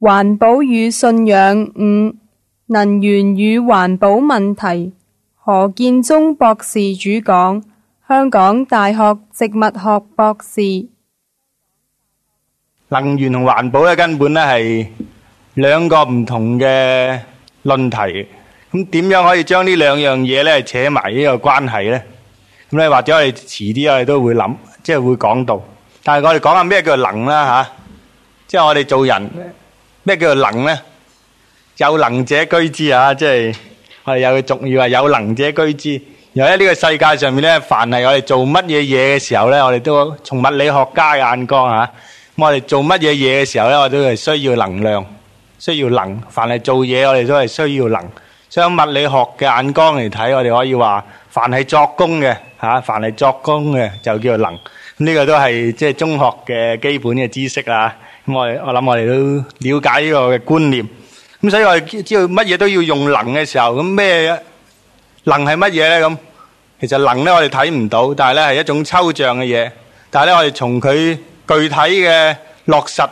環保與信仰五能源與環保問題，何建宗博士主講，香港大學植物學博士。能源同環保咧，根本咧係兩個唔同嘅論題。咁點樣可以將呢兩樣嘢咧扯埋呢個關係咧？咁咧或者我哋遲啲我哋都會諗，即係會講到。但係我哋講下咩叫能啦吓，即係我哋做人。咩叫能咧？有能者居之啊！即係我哋有個俗語話有能者居之。又喺呢個世界上面咧，凡係我哋做乜嘢嘢嘅時候咧，我哋都從物理學家嘅眼光啊。咁我哋做乜嘢嘢嘅時候咧，我都係需要能量，需要能。凡係做嘢，我哋都係需要能。從物理學嘅眼光嚟睇，我哋可以話，凡係作功嘅吓，凡係作功嘅就叫能。咁呢個都係即係中學嘅基本嘅知識啊。我哋我諗我哋都了解呢個嘅觀念，咁所以我哋知道乜嘢都要用能嘅時候，咁咩嘢能係乜嘢咧？咁其實能咧我哋睇唔到，但係咧係一種抽象嘅嘢，但係咧我哋從佢具體嘅落實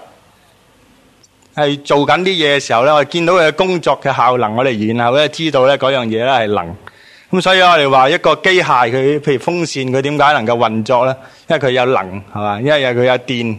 係做緊啲嘢嘅時候咧，我哋見到佢嘅工作嘅效能，我哋然後咧知道咧嗰樣嘢咧係能。咁所以我哋話一個機械佢，譬如風扇佢點解能夠運作咧？因為佢有能係嘛，因為有佢有電。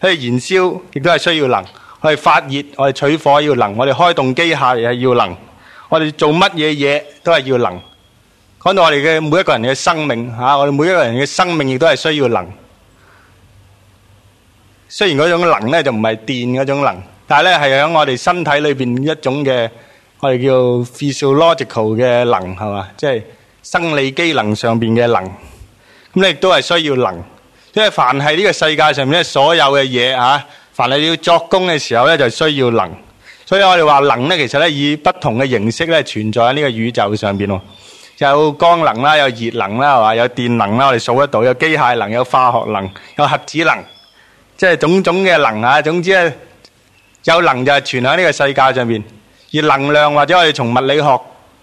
佢燃燒亦都係需要能，我哋發熱，我哋取火要能，我哋開動機械亦係要能，我哋做乜嘢嘢都係要能。講到我哋嘅每一個人嘅生命吓，我哋每一個人嘅生命亦都係需要能。雖然嗰種能咧就唔係電嗰種能，但係咧係響我哋身體裏邊一種嘅，我哋叫 physiological 嘅能係嘛，即係生理機能上邊嘅能，咁咧亦都係需要能。即係凡係呢個世界上面咧，所有嘅嘢啊，凡係要作工嘅時候咧，就需要能。所以我哋話能咧，其實咧以不同嘅形式咧存在喺呢個宇宙上邊。有光能啦，有熱能啦，係嘛，有電能啦，我哋數得到，有機械能，有化學能，有核子能，即係種種嘅能啊。總之咧，有能就係存喺呢個世界上邊。而能量或者我哋從物理學。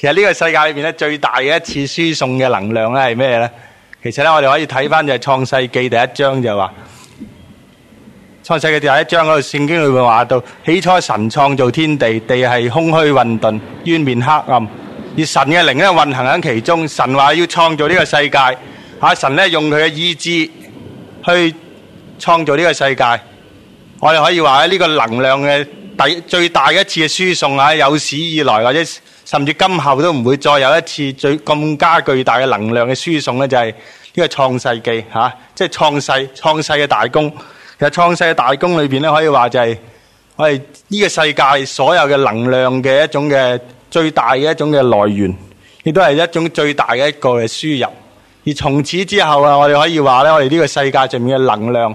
其實呢個世界裏面咧，最大嘅一次輸送嘅能量咧係咩咧？其實咧，我哋可以睇翻就係創世記第一章就話，創世記第一章嗰度聖經裏面話到，起初神創造天地，地係空虛混沌，淵面黑暗，而神嘅靈咧運行喺其中。神話要創造呢個世界，啊、神咧用佢嘅意志去創造呢個世界，我哋可以話喺呢個能量嘅第最大嘅一次嘅輸送啊，有史以來或者。甚至今後都唔會再有一次最更加巨大嘅能量嘅輸送咧，就係呢個創世紀吓，即係創世創世嘅大功。其實創世嘅大功裏邊咧，可以話就係我哋呢個世界所有嘅能量嘅一種嘅最大嘅一種嘅來源，亦都係一種最大嘅一個嘅輸入。而從此之後啊，我哋可以話咧，我哋呢個世界上面嘅能量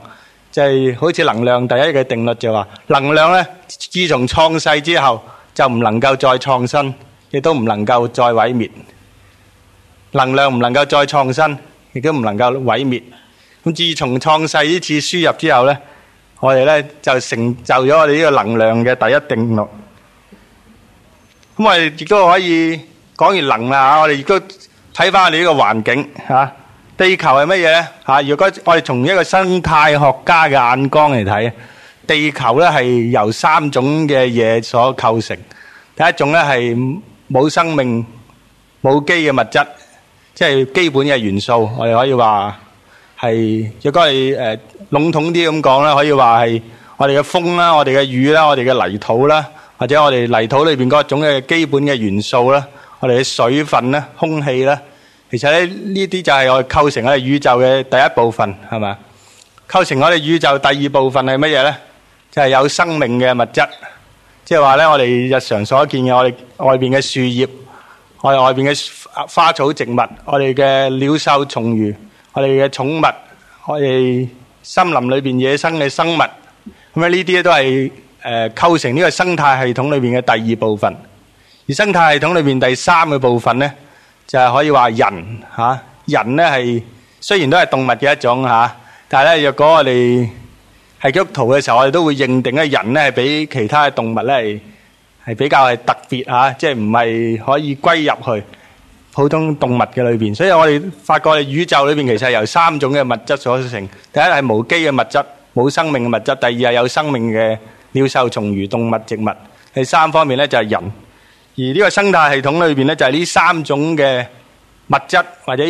就係好似能量第一嘅定律，就話能量咧，自從創世之後就唔能夠再創新。亦都唔能夠再毀滅，能量唔能夠再創新，亦都唔能夠毀滅。咁自從創世呢次輸入之後呢，我哋呢就成就咗我哋呢個能量嘅第一定律。咁我哋亦都可以講完能啦，吓我哋亦都睇翻，我哋呢個環境吓，地球係乜嘢吓？如果我哋從一個生態學家嘅眼光嚟睇，地球呢係由三種嘅嘢所構成，第一種呢係。冇生命、冇機嘅物質，即係基本嘅元素，我哋可以話係如果係誒籠統啲咁講啦，可以話係我哋嘅風啦、我哋嘅雨啦、我哋嘅泥土啦，或者我哋泥土裏邊嗰種嘅基本嘅元素啦，我哋嘅水分啦、空氣啦，其實咧呢啲就係我構成我哋宇宙嘅第一部分，係咪？構成我哋宇宙第二部分係乜嘢咧？就係有生命嘅物質。即係話咧，我哋日常所見嘅，我哋外邊嘅樹葉，我哋外邊嘅花草植物，我哋嘅鳥獸蟲魚，我哋嘅寵物，我哋森林裏邊野生嘅生物，咁啊呢啲咧都係誒構成呢個生態系統裏邊嘅第二部分。而生態系統裏邊第三個部分咧，就係可以話人吓，人咧係雖然都係動物嘅一種吓，但係咧若果我哋。喺基督徒嘅時候，我哋都會認定咧人咧係比其他嘅動物咧係係比較係特別吓，即係唔係可以歸入去普通動物嘅裏邊。所以我哋發覺，宇宙裏邊其實係由三種嘅物質所組成，第一係無機嘅物質，冇生命嘅物質；第二係有生命嘅鳥獸蟲魚動物、植物，第三方面咧就係人。而呢個生態系統裏邊咧就係呢三種嘅物質或者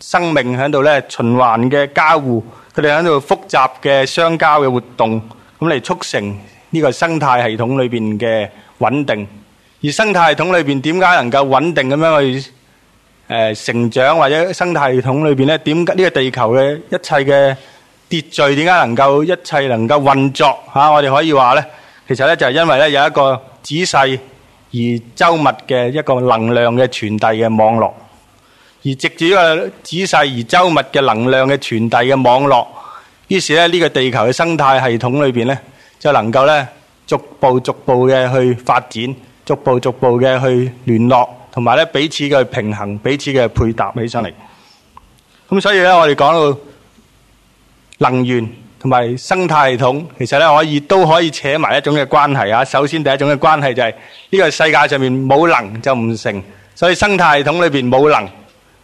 生命喺度咧循環嘅交互。佢哋喺度複雜嘅相交嘅活動，咁嚟促成呢個生態系統裏邊嘅穩定。而生態系統裏邊點解能夠穩定咁樣去誒成長，或者生態系統裏邊咧點解呢個地球嘅一切嘅秩序點解能夠一切能夠運作嚇？我哋可以話咧，其實咧就係因為咧有一個仔細而周密嘅一個能量嘅傳遞嘅網絡。而藉住呢個仔細而周密嘅能量嘅傳遞嘅網絡，於是咧呢個地球嘅生態系統裏邊咧，就能夠咧逐步逐步嘅去發展，逐步逐步嘅去聯絡，同埋咧彼此嘅平衡，彼此嘅配搭起上嚟。咁所以咧，我哋講到能源同埋生態系統，其實咧可以都可以扯埋一種嘅關係啊。首先第一種嘅關係就係呢個世界上面冇能就唔成，所以生態系統裏邊冇能。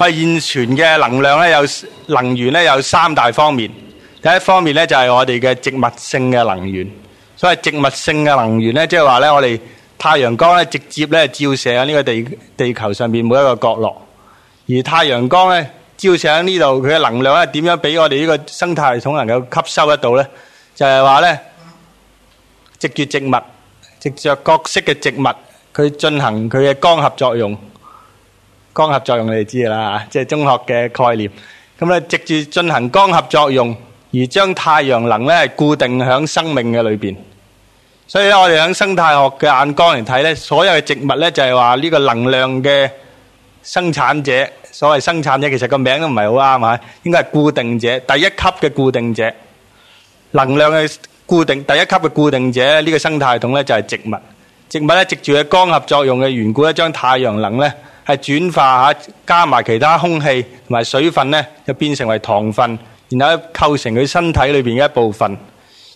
我現存嘅能量咧，有能源咧，有三大方面。第一方面咧，就係我哋嘅植物性嘅能源。所謂植物性嘅能源咧，即係話咧，我哋太陽光咧，直接咧照射喺呢個地地球上邊每一個角落。而太陽光咧照射喺呢度，佢嘅能量咧點樣俾我哋呢個生態系統能夠吸收得到呢？就係話咧，直接植物，直著各式嘅植物，佢進行佢嘅光合作用。光合作用你哋知啦吓，即係中學嘅概念。咁咧，直接進行光合作用而將太陽能咧固定喺生命嘅裏邊。所以咧，我哋喺生態學嘅眼光嚟睇咧，所有嘅植物咧就係話呢個能量嘅生產者。所謂生產者，其實個名都唔係好啱啊，應該係固定者，第一級嘅固定者。能量嘅固定，第一級嘅固定者咧，呢個生態系統咧就係植物。植物咧，藉住嘅光合作用嘅緣故咧，將太陽能咧係轉化吓，加埋其他空氣同埋水分咧，就變成為糖分，然後構成佢身體裏邊嘅一部分。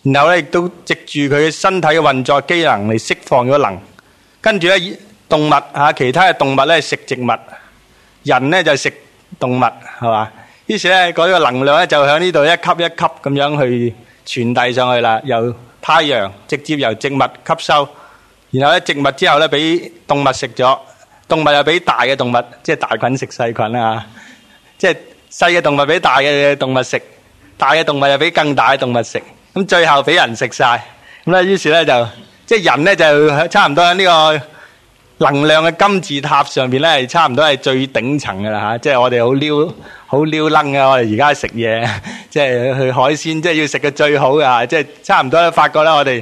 然後咧，亦都藉住佢身體嘅運作機能嚟釋放咗能。跟住咧，動物吓其他嘅動物咧食植物，人咧就食動物，係嘛？於是咧，嗰個能量咧就喺呢度一級一級咁樣去傳遞上去啦。由太陽直接由植物吸收。然後咧，植物之後咧俾動物食咗，動物又俾大嘅動物，即係大菌食細菌啦，即係細嘅動物俾大嘅動物食，大嘅動物又俾更大嘅動物食，咁最後俾人食晒，咁咧於是咧就即係人咧就差唔多喺呢個能量嘅金字塔上邊咧係差唔多係最頂層噶啦吓，即係我哋好撩好撩楞嘅。我哋而家食嘢，即係去海鮮，即係要食嘅最好噶，即係差唔多發覺咧我哋。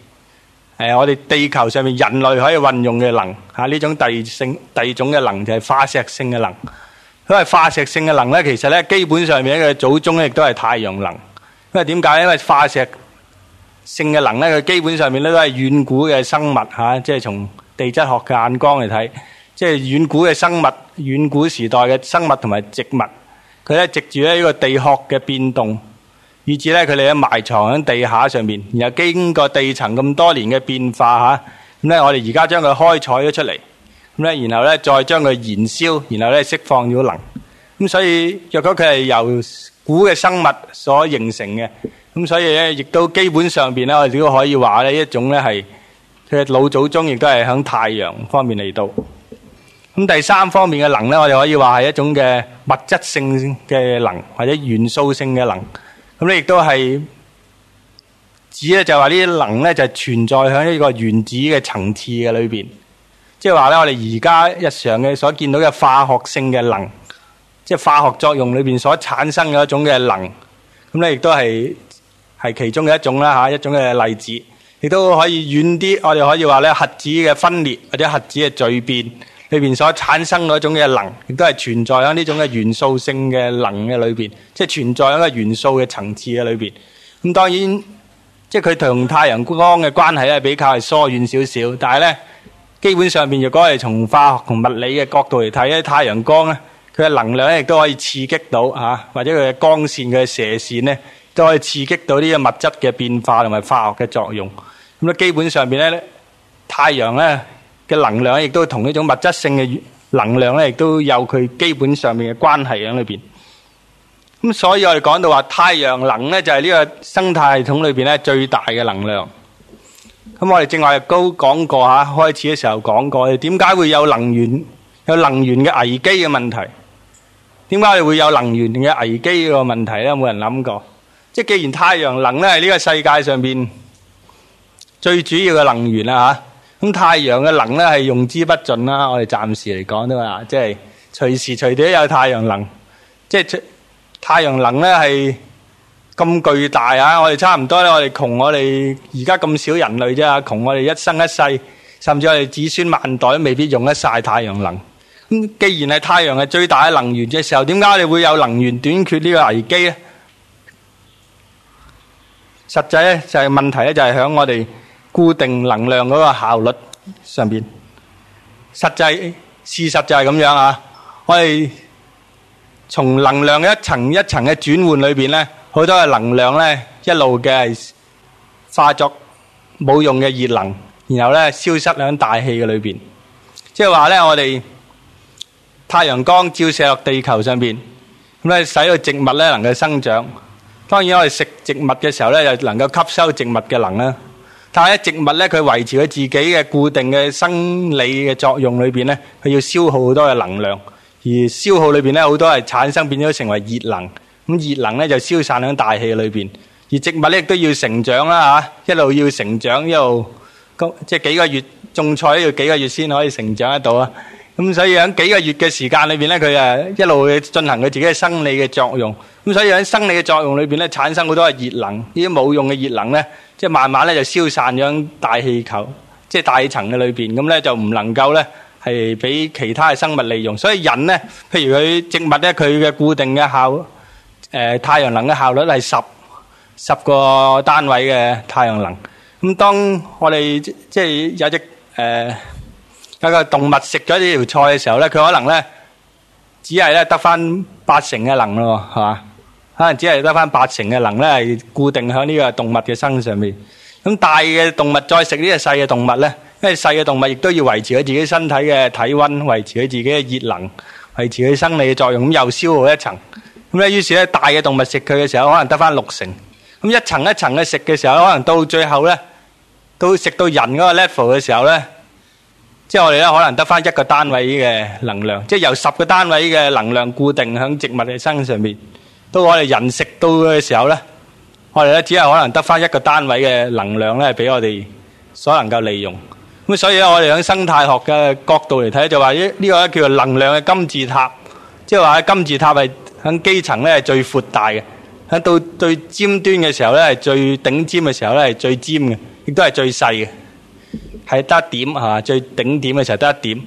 係我哋地球上面人類可以運用嘅能，吓呢種第二性，第二種嘅能就係化石性嘅能。因為化石性嘅能咧，其實咧基本上面佢嘅祖宗咧亦都係太陽能。因為點解？因為化石性嘅能咧，佢基本上面咧都係遠古嘅生物吓，即係從地質學嘅眼光嚟睇，即係遠古嘅生物，遠古時代嘅生物同埋植物，佢咧藉住咧呢個地殼嘅變動。以致咧佢哋咧埋藏喺地下上面，然後經過地層咁多年嘅變化吓，咁咧我哋而家將佢開採咗出嚟，咁咧然後咧再將佢燃燒，然後咧釋放咗能。咁所以若果佢係由古嘅生物所形成嘅，咁所以咧亦都基本上邊咧我哋都可以話咧一種咧係佢老祖宗亦都係響太陽方面嚟到。咁第三方面嘅能咧，我哋可以話係一種嘅物質性嘅能，或者元素性嘅能。咁咧亦都係指咧，就話呢啲能咧就存在喺一個原子嘅層次嘅裏邊。即係話咧我哋而家日常嘅所見到嘅化學性嘅能，即係化學作用裏邊所產生嘅一種嘅能，咁咧亦都係係其中嘅一種啦嚇，一種嘅例子，亦都可以遠啲，我哋可以話咧核子嘅分裂或者核子嘅聚變。裏邊所產生嗰種嘅能，亦都係存在喺呢種嘅元素性嘅能嘅裏邊，即係存在喺一個元素嘅層次嘅裏邊。咁當然，即係佢同太陽光嘅關係咧，比較係疏遠少少。但係咧，基本上面，如果係從化學同物理嘅角度嚟睇咧，太陽光咧，佢嘅能量咧亦都可以刺激到嚇，或者佢嘅光線嘅射線咧，都可以刺激到呢個物質嘅變化同埋化學嘅作用。咁咧，基本上面咧，太陽咧。嘅能量咧，亦都同呢種物質性嘅能量咧，亦都有佢基本上面嘅關係喺裏邊。咁所以我哋講到話太陽能咧，就係呢個生態系統裏邊咧最大嘅能量。咁我哋正話亦都講過吓，開始嘅時候講過，點解會有能源，有能源嘅危機嘅問題？點解會有能源嘅危機個問題咧？冇人諗過。即係既然太陽能咧係呢個世界上邊最主要嘅能源啦吓。咁太陽嘅能咧係用之不盡啦，我哋暫時嚟講都話，即係隨時隨地都有太陽能。即係太陽能咧係咁巨大啊！我哋差唔多，我哋窮，我哋而家咁少人類啫，窮我哋一生一世，甚至我哋子孫萬代都未必用得晒太陽能。咁既然係太陽係最大嘅能源嘅時候，點解你會有能源短缺呢個危機咧？實際咧就係問題咧就係響我哋。固定能量嗰個效率上邊，實際事實就係咁樣啊！我哋從能量一層一層嘅轉換裏邊呢，好多嘅能量呢一路嘅化作冇用嘅熱能，然後呢消失喺大氣嘅裏邊。即係話呢，我哋太陽光照射落地球上邊，咁咧使到植物呢能夠生長。當然我哋食植物嘅時候呢，又能夠吸收植物嘅能啦。但係咧，植物咧，佢維持佢自己嘅固定嘅生理嘅作用裏邊咧，佢要消耗好多嘅能量，而消耗裏邊咧，好多係產生變咗成為熱能，咁熱能咧就消散喺大氣裏邊。而植物咧亦都要成長啦，吓一路要成長，一路即係幾個月種菜要幾個月先可以成長得到啊。咁所以喺幾個月嘅時間裏邊咧，佢誒一路去進行佢自己嘅生理嘅作用。咁所以喺生理嘅作用裏邊咧，產生好多嘅熱能，呢啲冇用嘅熱能咧。即係慢慢咧就消散咗喺大氣球，即係大氣層嘅裏邊，咁咧就唔能夠咧係俾其他嘅生物利用。所以人咧，譬如佢植物咧，佢嘅固定嘅效，誒，太陽能嘅效率係十十個單位嘅太陽能。咁當我哋即係有隻誒有個動物食咗呢條菜嘅時候咧，佢可能咧只係咧得返八成嘅能咯，係嘛？可能只係得翻八成嘅能咧，係固定喺呢個動物嘅身上面。咁大嘅動物再食呢個細嘅動物咧，因為細嘅動物亦都要維持佢自己身體嘅體溫，維持佢自己嘅熱能，維持佢生理嘅作用，咁又消耗一層。咁咧，於是咧，大嘅動物食佢嘅時候，可能得翻六成。咁一層一層嘅食嘅時候，可能到最後咧，到食到人嗰個 level 嘅時候咧，即係我哋咧可能得翻一個單位嘅能量，即係由十個單位嘅能量固定喺植物嘅身上面。到我哋人食到嘅時候咧，我哋咧只係可能得翻一個單位嘅能量咧，俾我哋所能夠利用。咁所以咧，我哋喺生態學嘅角度嚟睇，就話呢呢個咧叫能量嘅金字塔，即係話喺金字塔係喺基層咧係最闊大嘅，喺到最尖端嘅時候咧，係最頂尖嘅時候咧，係最尖嘅，亦都係最細嘅，係得一點嚇，最頂點嘅時候得一點。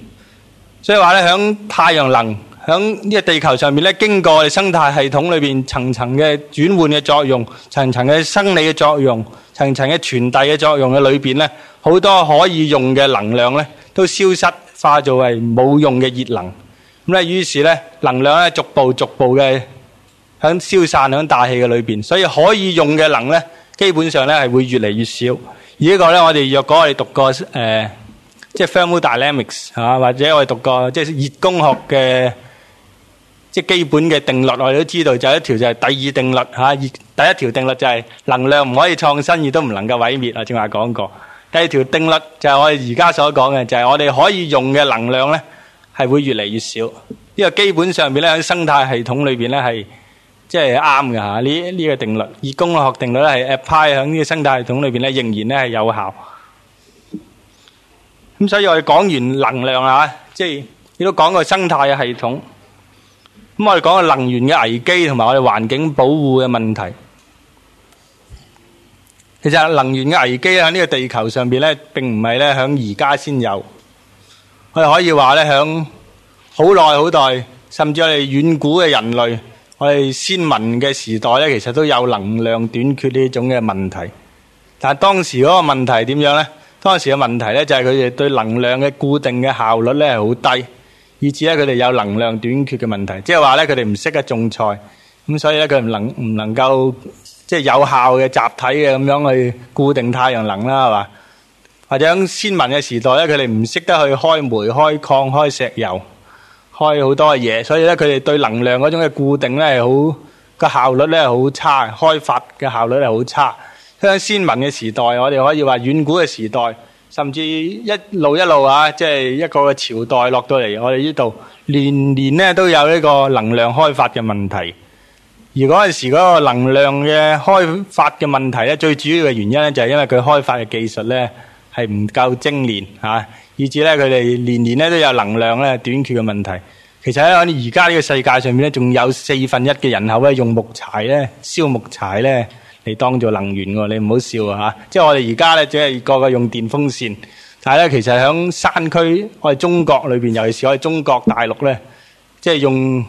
所以話咧，喺太陽能。喺呢個地球上面咧，經過生態系統裏邊層層嘅轉換嘅作用，層層嘅生理嘅作用，層層嘅傳遞嘅作用嘅裏邊咧，好多可以用嘅能量咧都消失，化作為冇用嘅熱能。咁咧，於是咧，能量咧逐步逐步嘅響消散響大氣嘅裏邊，所以可以用嘅能咧，基本上咧係會越嚟越少。而個呢個咧，我哋若果我哋讀過誒，即、呃、係 thermal、就是、dynamics 吓，或者我哋讀過即係熱工學嘅。即係基本嘅定律，我哋都知道就一條就係第二定律嚇。第一條定律就係能量唔可以創新，亦都唔能夠毀滅啊！正話講過。第二條定律就係我哋而家所講嘅，就係我哋可以用嘅能量咧係會越嚟越少。呢個基本上邊咧喺生態系統裏邊咧係即係啱嘅嚇。呢呢個定律，熱工學定律咧係 apply 喺呢個生態系統裏邊咧仍然咧係有效。咁所以我哋講完能量啊，即係亦都講過生態系統。咁我哋講下能源嘅危機同埋我哋環境保護嘅問題。其實能源嘅危機咧喺呢個地球上邊咧，並唔係咧響而家先有。我哋可以話咧響好耐好耐，甚至我哋遠古嘅人類，我哋先民嘅時代咧，其實都有能量短缺呢種嘅問題。但係當時嗰個問題點樣咧？當時嘅問題咧就係佢哋對能量嘅固定嘅效率咧係好低。以至咧，佢哋有能量短缺嘅問題，即係話咧，佢哋唔識得種菜，咁所以咧，佢唔能唔能夠即係有效嘅集體嘅咁樣去固定太陽能啦，係嘛？或者喺先民嘅時代咧，佢哋唔識得去開煤、開礦、開石油、開好多嘅嘢，所以咧，佢哋對能量嗰種嘅固定咧係好，個效率咧係好差，開發嘅效率係好差。喺先民嘅時代，我哋可以話遠古嘅時代。甚至一路一路啊，即係一個個朝代落到嚟，我哋呢度年年咧都有呢個能量開發嘅問題。而嗰陣時嗰個能量嘅開發嘅問題咧，最主要嘅原因咧就係因為佢開發嘅技術咧係唔夠精煉啊，以至咧佢哋年年咧都有能量咧短缺嘅問題。其實咧，我哋而家呢個世界上面咧，仲有四分一嘅人口咧用木柴咧燒木柴咧。你當做能源喎，你唔好笑啊！嚇，即係我哋而家咧，只係個個用電風扇，但係咧，其實喺山區，我哋中國裏邊，尤其是我哋中國大陸咧，即係用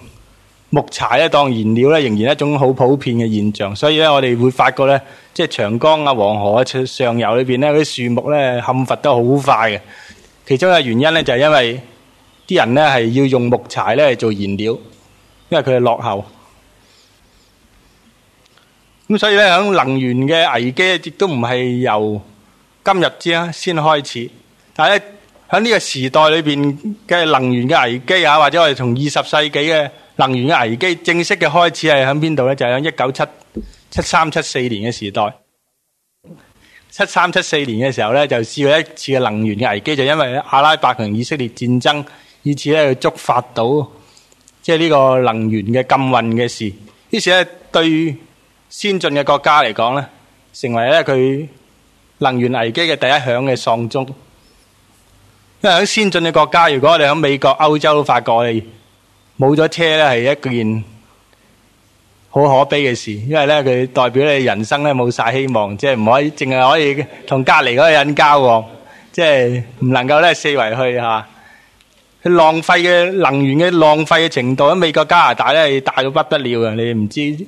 木柴咧當燃料咧，仍然一種好普遍嘅現象。所以咧，我哋會發覺咧，即係長江啊、黃河啊上游裏邊咧，嗰啲樹木咧，砍伐得好快嘅。其中一個原因咧，就係因為啲人咧係要用木柴咧做燃料，因為佢係落後。咁所以咧，響能源嘅危機亦都唔係由今日之啊，先開始。但係咧，喺呢個時代裏邊嘅能源嘅危機啊，或者我哋從二十世紀嘅能源嘅危機正式嘅開始係喺邊度呢？就喺一九七七三七四年嘅時代。七三七四年嘅時候呢，就試過一次嘅能源嘅危機，就因為阿拉伯同以色列戰爭，以此咧去觸發到即係呢個能源嘅禁運嘅事，於是咧對。先進嘅國家嚟講咧，成為咧佢能源危機嘅第一響嘅喪鐘。因為喺先進嘅國家，如果你喺美國、歐洲，都發覺你冇咗車咧係一件好可悲嘅事。因為咧佢代表你人生咧冇晒希望，即係唔可以淨係可以同隔籬嗰個人交往，即係唔能夠咧四圍去吓。浪費嘅能源嘅浪費嘅程度喺美國、加拿大咧係大到不得了呀，你唔知。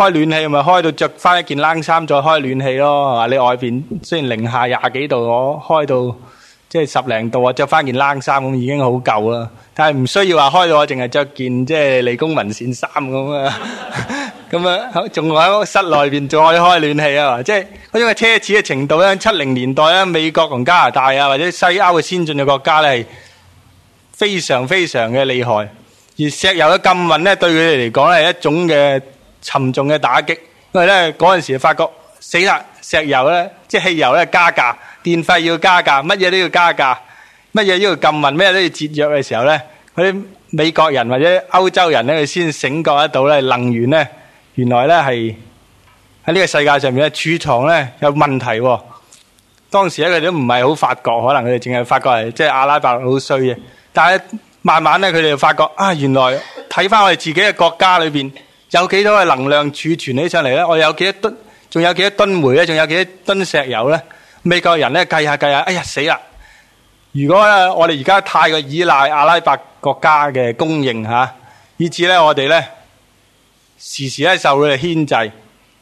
開暖氣咪開到着翻一件冷衫再開暖氣咯，你外邊雖然零下廿幾度，我開到即係十零度啊，着翻件冷衫咁已經好夠啦。但係唔需要話開到我淨係着件即係理工文線衫咁啊，咁啊，仲喺室內邊再開暖氣啊，即係嗰種嘅奢侈嘅程度咧。七零年代咧，美國同加拿大啊，或者西歐嘅先進嘅國家咧，係非常非常嘅厲害。而石油嘅禁運咧，對佢哋嚟講咧係一種嘅。沉重嘅打擊，因為咧嗰陣時候發覺死啦，石油咧即係汽油咧加價，電費要加價，乜嘢都要加價，乜嘢都要禁運，乜嘢都要節約嘅時候咧，嗰啲美國人或者歐洲人咧，佢先醒覺得到咧，能源咧原來咧係喺呢個世界上面嘅儲藏咧有問題。當時咧佢哋都唔係好發覺，可能佢哋淨係發覺係即係阿拉伯老衰嘅。但係慢慢咧佢哋就發覺啊，原來睇翻我哋自己嘅國家裏邊。有幾多嘅能量儲存起上嚟呢？我有幾多噸？仲有幾多噸煤呢？仲有幾多噸石油呢？美國人呢計下計下，哎呀死啦！如果咧我哋而家太過依賴阿拉伯國家嘅供應吓，啊，以至呢我哋呢時時咧受佢哋牽制。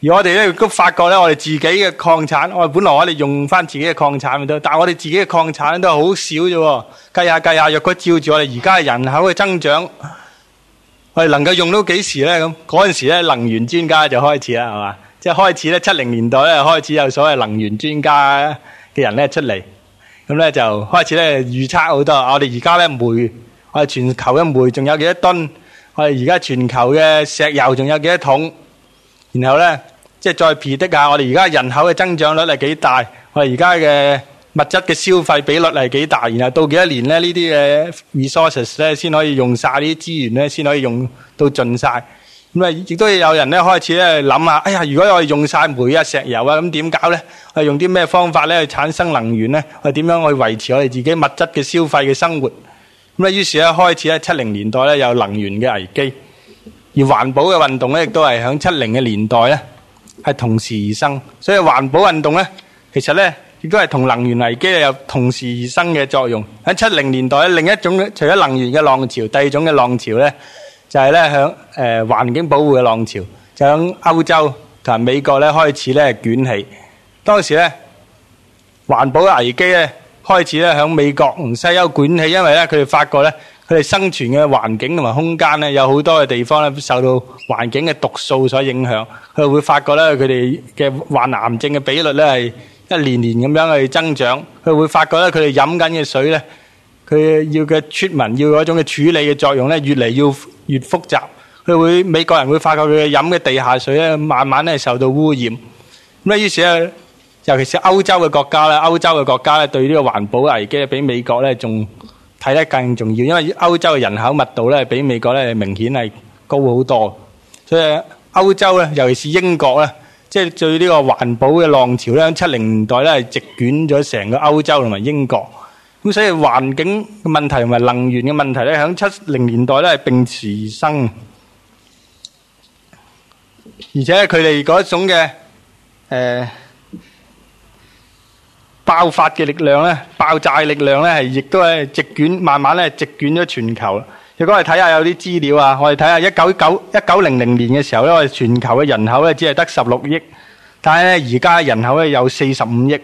而我哋呢都發覺呢，我哋自己嘅礦產，我哋本來我哋用翻自己嘅礦產都，但係我哋自己嘅礦產都係好少啫。計下計下，若果照住我哋而家嘅人口嘅增長。係能夠用到幾時呢？咁嗰陣時呢，能源專家就開始啦，係嘛，即係開始呢。七零年代咧，開始有所謂能源專家嘅人呢出嚟，咁呢就開始呢預測好多。我哋而家呢煤，我哋全球嘅煤仲有幾多噸？我哋而家全球嘅石油仲有幾多桶？然後呢，即係再撇的下，我哋而家人口嘅增長率係幾大？我哋而家嘅。物質嘅消費比率係幾大，然後到幾多年咧？呢啲嘅 resources 咧，先可以用晒呢啲資源咧，先可以用到盡晒。咁啊，亦都有人咧開始咧諗下，哎呀，如果我哋用晒煤啊、石油啊，咁點搞咧？我用啲咩方法咧去產生能源咧？我點樣去維持我哋自己物質嘅消費嘅生活？咁啊，於是咧開始喺七零年代咧有能源嘅危機，而環保嘅運動咧亦都係響七零嘅年代咧係同時而生。所以環保運動咧，其實咧。亦都係同能源危機咧有同時而生嘅作用。喺七零年代，另一種除咗能源嘅浪潮，第二種嘅浪潮咧，就係咧喺誒環境保護嘅浪潮，就喺歐洲同埋美國咧開始咧捲起。當時咧，環保危機咧開始咧喺美國同西歐捲起，因為咧佢哋發覺咧，佢哋生存嘅環境同埋空間咧有好多嘅地方咧受到環境嘅毒素所影響，佢會發覺咧佢哋嘅患癌症嘅比率咧係。一年年咁樣去增長，佢會發覺咧，佢哋飲緊嘅水咧，佢要嘅出雲要嗰種嘅處理嘅作用咧，越嚟要越複雜。佢會美國人會發覺佢哋飲嘅地下水咧，慢慢咧受到污染。咁咧，於是咧，尤其是歐洲嘅國家咧，歐洲嘅國家咧，對呢個環保危機比美國咧仲睇得更重要，因為歐洲嘅人口密度咧，比美國咧明顯係高好多。所以歐洲咧，尤其是英國咧。即係最呢個環保嘅浪潮咧，喺七零年代咧係席捲咗成個歐洲同埋英國。咁所以環境嘅問題同埋能源嘅問題咧，喺七零年代咧係並馳而生。而且佢哋嗰種嘅誒爆發嘅力量咧、爆炸嘅力量咧，係亦都係席捲，慢慢咧席捲咗全球。如果我哋睇下有啲資料啊，我哋睇下一九九一九零零年嘅時候咧，我哋全球嘅人口咧只係得十六億，但係咧而家人口咧有四十五億。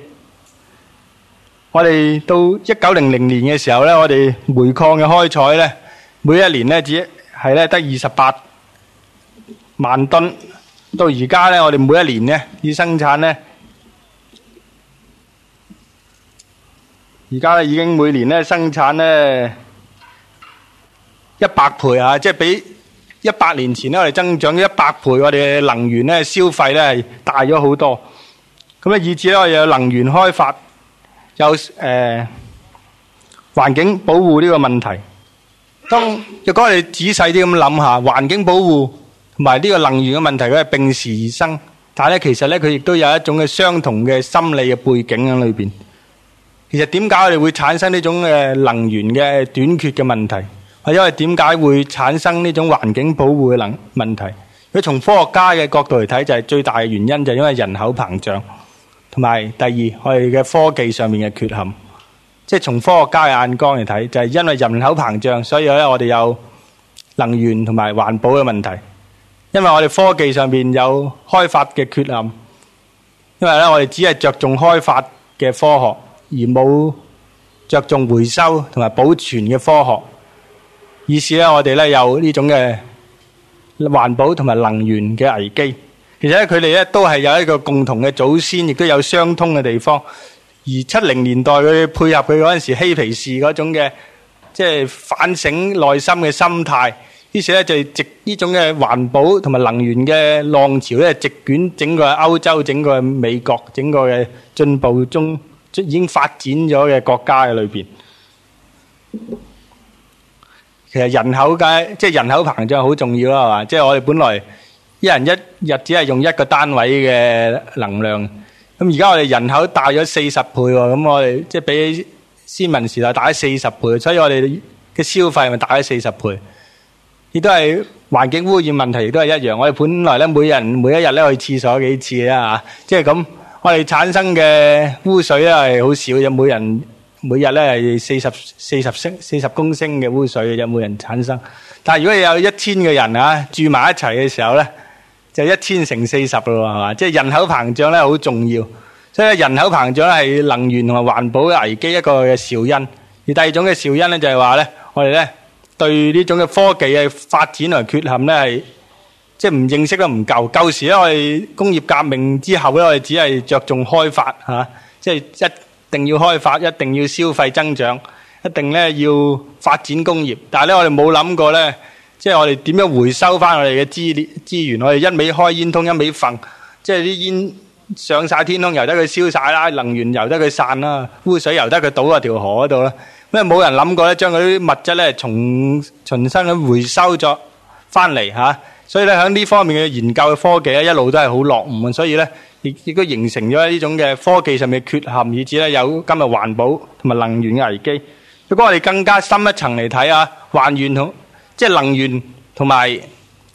我哋到一九零零年嘅時候咧，我哋煤礦嘅開採咧每一年咧只係咧得二十八萬噸，到而家咧我哋每一年咧要生產咧，而家咧已經每年咧生產咧。一百倍啊！即係比一百年前咧，我哋增長一百倍，我哋嘅能源咧消費咧係大咗好多。咁啊，以致咧我哋有能源開發，有誒環境保護呢個問題。當如果我哋仔細啲咁諗下，環境保護同埋呢個能源嘅問題咧係並時而生。但係咧，其實咧佢亦都有一種嘅相同嘅心理嘅背景喺裏邊。其實點解我哋會產生呢種嘅能源嘅短缺嘅問題？係因為點解會產生呢種環境保護嘅能問題？如果從科學家嘅角度嚟睇，就係最大嘅原因就係因為人口膨脹，同埋第二我哋嘅科技上面嘅缺陷。即係從科學家嘅眼光嚟睇，就係因為人口膨脹，所以咧我哋有能源同埋環保嘅問題。因為我哋科技上面有開發嘅缺陷，因為咧我哋只係着重開發嘅科學，而冇着重回收同埋保存嘅科學。於是咧，我哋咧有呢種嘅環保同埋能源嘅危機。其實咧，佢哋咧都係有一個共同嘅祖先，亦都有相通嘅地方。而七零年代佢配合佢嗰陣時嬉皮士嗰種嘅，即係反省內心嘅心態。於是咧，就係直呢種嘅環保同埋能源嘅浪潮咧，直捲整個歐洲、整個美國、整個嘅進步中，即已經發展咗嘅國家嘅裏邊。其實人口嘅，即係人口膨脹好重要咯，係嘛？即係我哋本來一人一日只係用一個單位嘅能量，咁而家我哋人口大咗四十倍，咁我哋即係比先民時代大咗四十倍，所以我哋嘅消費咪大咗四十倍。亦都係環境污染問題亦都係一樣。我哋本來咧，每人每一日咧去廁所幾次啦，吓，即係咁，我哋產生嘅污水咧係好少，啫，每人。每日咧係四十四十升、四十公升嘅污水，有冇人產生？但如果有一千個人啊，住埋一齊嘅時候咧，就一千乘四十咯，係嘛？即係人口膨脹咧，好重要。所以人口膨脹係能源同埋環保嘅危機一個嘅肇因。而第二種嘅肇因咧，就係話咧，我哋咧對呢種嘅科技嘅發展同埋缺陷咧，係即係唔認識得唔夠。舊時咧，我哋工業革命之後咧，我哋只係着重開發嚇，即係一。一定要開發，一定要消費增長，一定咧要發展工業。但係咧，我哋冇諗過咧，即係我哋點樣回收翻我哋嘅資源？資源我哋一味開煙通，一味焚，即係啲煙上晒天空，由得佢燒晒啦；能源由得佢散啦，污水由得佢倒喺條河嗰度啦。咩冇人諗過咧？將嗰啲物質咧，從重新咁回收咗翻嚟吓。所以咧喺呢方面嘅研究嘅科技咧，一路都係好落伍啊！所以咧，亦亦都形成咗呢種嘅科技上面嘅缺陷，以致咧有今日環保同埋能源嘅危機。如果我哋更加深一層嚟睇啊，能源同即係能源同埋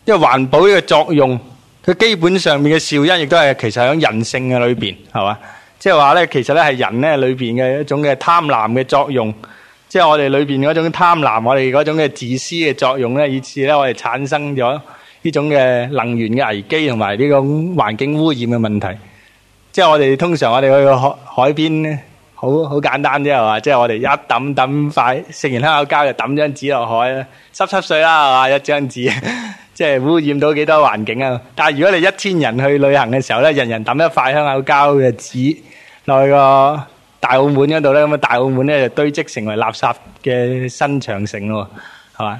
即係環保呢個作用，佢基本上面嘅肇因亦都係其實喺人性嘅裏邊，係嘛？即係話咧，其實咧係人咧裏邊嘅一種嘅貪婪嘅作用，即係我哋裏邊嗰種貪婪，我哋嗰種嘅自私嘅作用咧，以致咧我哋產生咗。呢種嘅能源嘅危機同埋呢種環境污染嘅問題，即係我哋通常我哋去個海海邊咧，好好簡單啫，係嘛？即係我哋一抌抌塊食完香口膠就抌張紙落海啦，濕濕碎啦，係嘛？一張紙即係污染到幾多環境啊？但係如果你一千人去旅行嘅時候咧，人人抌一塊香口膠嘅紙落去個大澳門嗰度咧，咁啊大澳門咧就堆積成為垃圾嘅新長城咯，係嘛？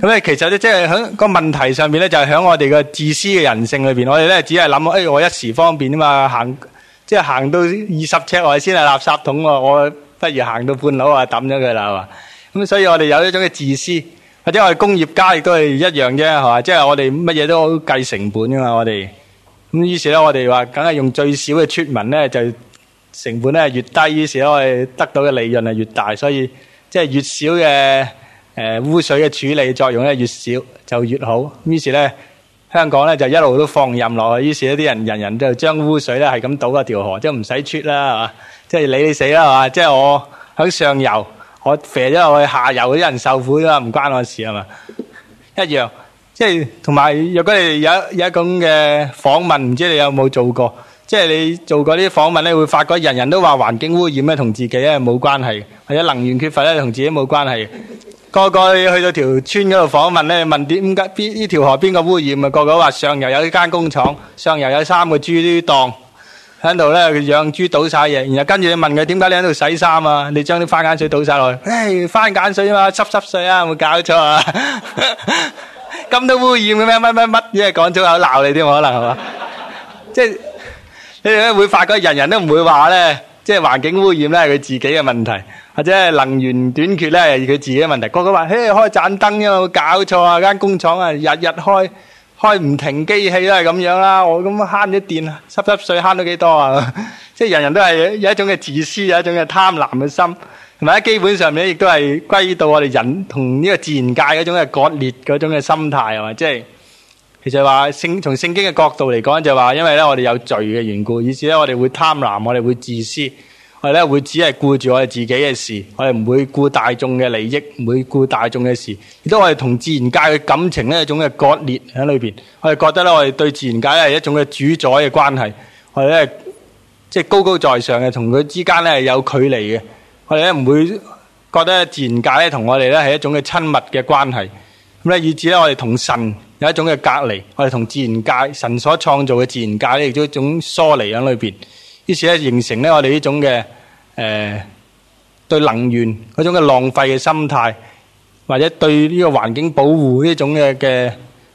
咁咧，其實咧即係喺個問題上面咧，就係喺我哋嘅自私嘅人性裏邊，我哋咧只係諗，誒，我一時方便啊嘛，行即係行到二十尺外先係垃圾桶喎，我不如行到半路啊抌咗佢啦，係嘛。咁所以我哋有一種嘅自私，或者我哋工業家亦都係一樣啫，係嘛。即係我哋乜嘢都計成本噶嘛，我哋咁於是咧，我哋話梗係用最少嘅出民咧，就成本咧越低，於是我哋得到嘅利潤係越大，所以即係越少嘅。誒，污水嘅處理作用咧越少就越好。於是咧，香港咧就一路都放任落去。於是咧，啲人人人都將污水咧係咁倒喺條河，即係唔使出啦，係嘛？即係理你死啦，係嘛？即係我響上游，我瀉咗落去下游嗰啲人受苦啊，唔關我事係嘛？一樣，即係同埋，若果你有有一種嘅訪問，唔知你有冇做過？即係你做過嗰啲訪問咧，會發覺人人都話環境污染咧同自己咧冇關係，或者能源缺乏咧同自己冇關係。個個去去到條村嗰度訪問咧，問點解邊呢條河邊個污染啊？個個話上游有呢間工廠，上游有三個豬啲檔喺度咧，養豬倒晒嘢。然後跟住你問佢點解你喺度洗衫啊？你將啲番梘水倒晒落去，唉，番梘水啊嘛，濕濕碎啊，有冇搞錯啊？咁都污染嘅咩？乜乜乜？因為廣州有鬧你添，可能係嘛？即係你哋咧會發覺，人人都唔會話咧，即係環境污染咧係佢自己嘅問題。或者係能源短缺咧，係佢自己嘅問題。個個話：嘿，開盞燈啊，冇搞錯啊！間工廠啊，日日開，開唔停機器都係咁樣啦。我咁慳咗電，濕濕碎慳咗幾多啊？ 即係人人都係有一種嘅自私，有一種嘅貪婪嘅心，同埋基本上面亦都係歸到我哋人同呢個自然界嗰種嘅割裂嗰種嘅心態，係咪？即係其實話聖從聖經嘅角度嚟講，就係話因為咧我哋有罪嘅緣故，以至咧我哋會貪婪，我哋會自私。係咧會只係顧住我哋自己嘅事，我哋唔會顧大眾嘅利益，唔會顧大眾嘅事，亦都我哋同自然界嘅感情咧一種嘅割裂喺裏邊。我哋覺得咧，我哋對自然界咧係一種嘅主宰嘅關係，我哋咧即係高高在上嘅，同佢之間咧係有距離嘅。我哋咧唔會覺得自然界咧同我哋咧係一種嘅親密嘅關係。咁咧以至咧，我哋同神有一種嘅隔離，我哋同自然界神所創造嘅自然界亦都一種疏離喺裏邊。於是咧，形成咧我哋呢種嘅誒對能源嗰種嘅浪費嘅心態，或者對呢個環境保護呢種嘅嘅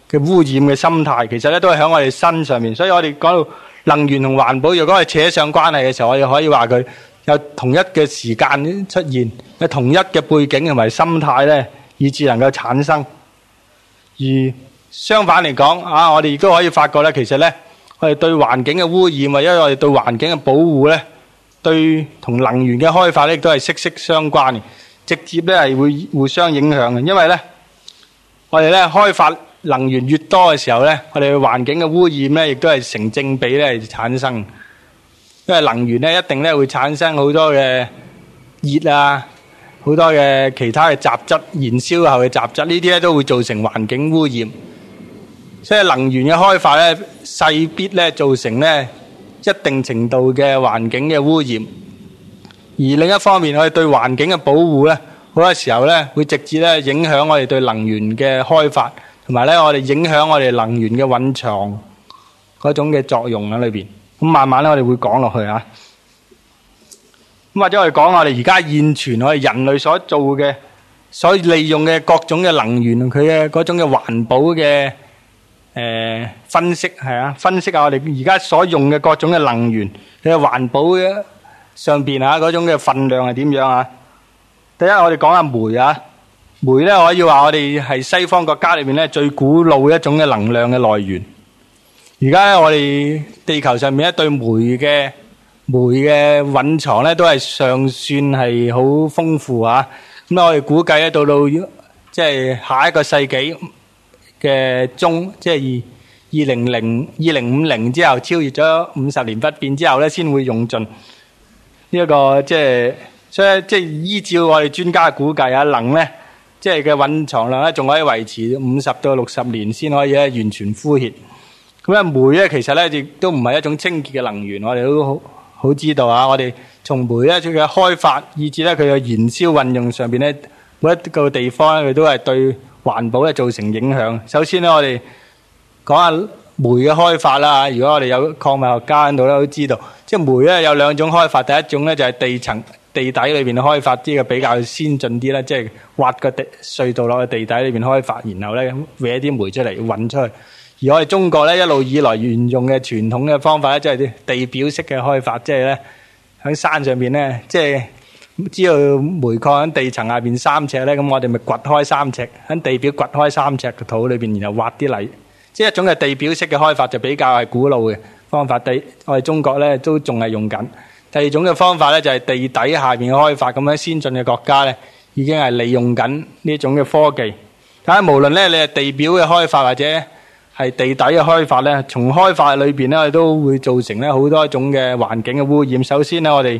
嘅污染嘅心態，其實咧都係喺我哋身上面。所以我哋講到能源同環保，如果係扯上關係嘅時候，我哋可以話佢有同一嘅時間出現，有同一嘅背景同埋心態咧，以致能夠產生。而相反嚟講，啊，我哋亦都可以發覺咧，其實咧。我哋對環境嘅污染，或者我哋對環境嘅保護呢，對同能源嘅開發呢，都係息息相關嘅，直接呢係會互相影響嘅。因為呢，我哋呢開發能源越多嘅時候呢，我哋嘅環境嘅污染呢，亦都係成正比呢產生。因為能源呢一定呢會產生好多嘅熱啊，好多嘅其他嘅雜質，燃燒後嘅雜質呢啲呢都會造成環境污染。即係能源嘅開發咧，勢必咧造成咧一定程度嘅環境嘅污染。而另一方面，我哋對環境嘅保護咧，好多時候咧會直接咧影響我哋對能源嘅開發，同埋咧我哋影響我哋能源嘅蘊藏嗰種嘅作用喺裏邊。咁慢慢咧，我哋會講落去啊。咁或者我哋講我哋而家現存我哋人類所做嘅、所利用嘅各種嘅能源，佢嘅嗰種嘅環保嘅。誒，分析係啊，分析下我哋而家所用嘅各種嘅能源嘅環保嘅上邊啊，嗰種嘅份量係點樣啊？第一，我哋講下煤啊，煤咧可以話我哋係西方國家裏邊咧最古老一種嘅能量嘅來源。而家咧我哋地球上面一對煤嘅煤嘅蘊藏咧都係尚算係好豐富啊。咁我哋估計咧到到即係下一個世紀，嘅中，即係二二零零二零五零之後超越咗五十年不變之後咧，先會用盡呢一個即係，所以即係依照我哋專家嘅估計啊，能咧即係嘅蘊藏量咧，仲可以維持五十到六十年先可以咧完全枯竭。咁啊，煤咧其實咧亦都唔係一種清潔嘅能源，我哋都好好知道啊。我哋從煤一出嘅開發，以至咧佢嘅燃燒運用上邊咧，每一個地方咧佢都係對。環保咧造成影響。首先咧，我哋講下煤嘅開發啦。如果我哋有礦物學家喺度咧，都知道即係煤咧有兩種開發。第一種咧就係地層、地底裏邊嘅開發，啲嘅比較先進啲啦，即係挖個地隧道落去地底裏邊開發，然後咧搵啲煤出嚟運出去。而我哋中國咧一路以來沿用嘅傳統嘅方法咧，即係啲地表式嘅開發，即係咧喺山上面咧，即係。知道煤礦喺地層下邊三尺咧，咁我哋咪掘開三尺，喺地表掘開三尺嘅土裏邊，然後挖啲泥。即係一種嘅地表式嘅開發，就比較係古老嘅方法。第我哋中國咧都仲係用緊。第二種嘅方法咧就係地底下邊嘅開發。咁樣先進嘅國家咧，已經係利用緊呢種嘅科技。但係無論咧你係地表嘅開發或者係地底嘅開發咧，從開發裏邊咧都會造成咧好多一種嘅環境嘅污染。首先咧，我哋。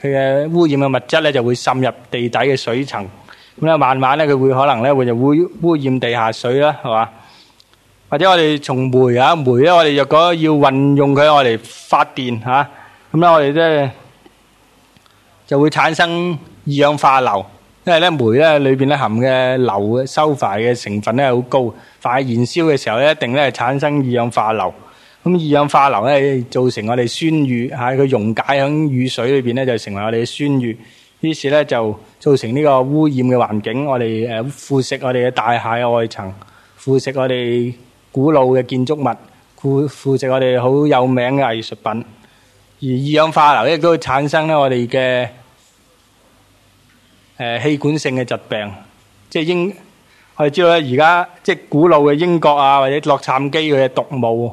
佢嘅污染嘅物質咧就會滲入地底嘅水層，咁咧慢慢咧佢會可能咧會就污污染地下水啦，係嘛？或者我哋從煤啊煤咧，我哋若果要運用佢嚟發電嚇，咁咧我哋即係就會產生二氧化硫，因為咧煤咧裏邊咧含嘅硫嘅硫化嘅成分咧好高，快燃燒嘅時候咧一定咧產生二氧化硫。咁二氧化硫咧造成我哋酸雨，喺佢溶解喺雨水裏邊咧就成為我哋嘅酸雨，於是咧就造成呢個污染嘅環境，我哋誒腐蝕我哋嘅大廈外層，腐蝕我哋古老嘅建築物，腐腐蝕我哋好有名嘅藝術品。而二氧化硫亦都會產生咧我哋嘅誒氣管性嘅疾病，即係英我哋知道咧，而家即係古老嘅英國啊，或者洛杉磯嘅毒霧。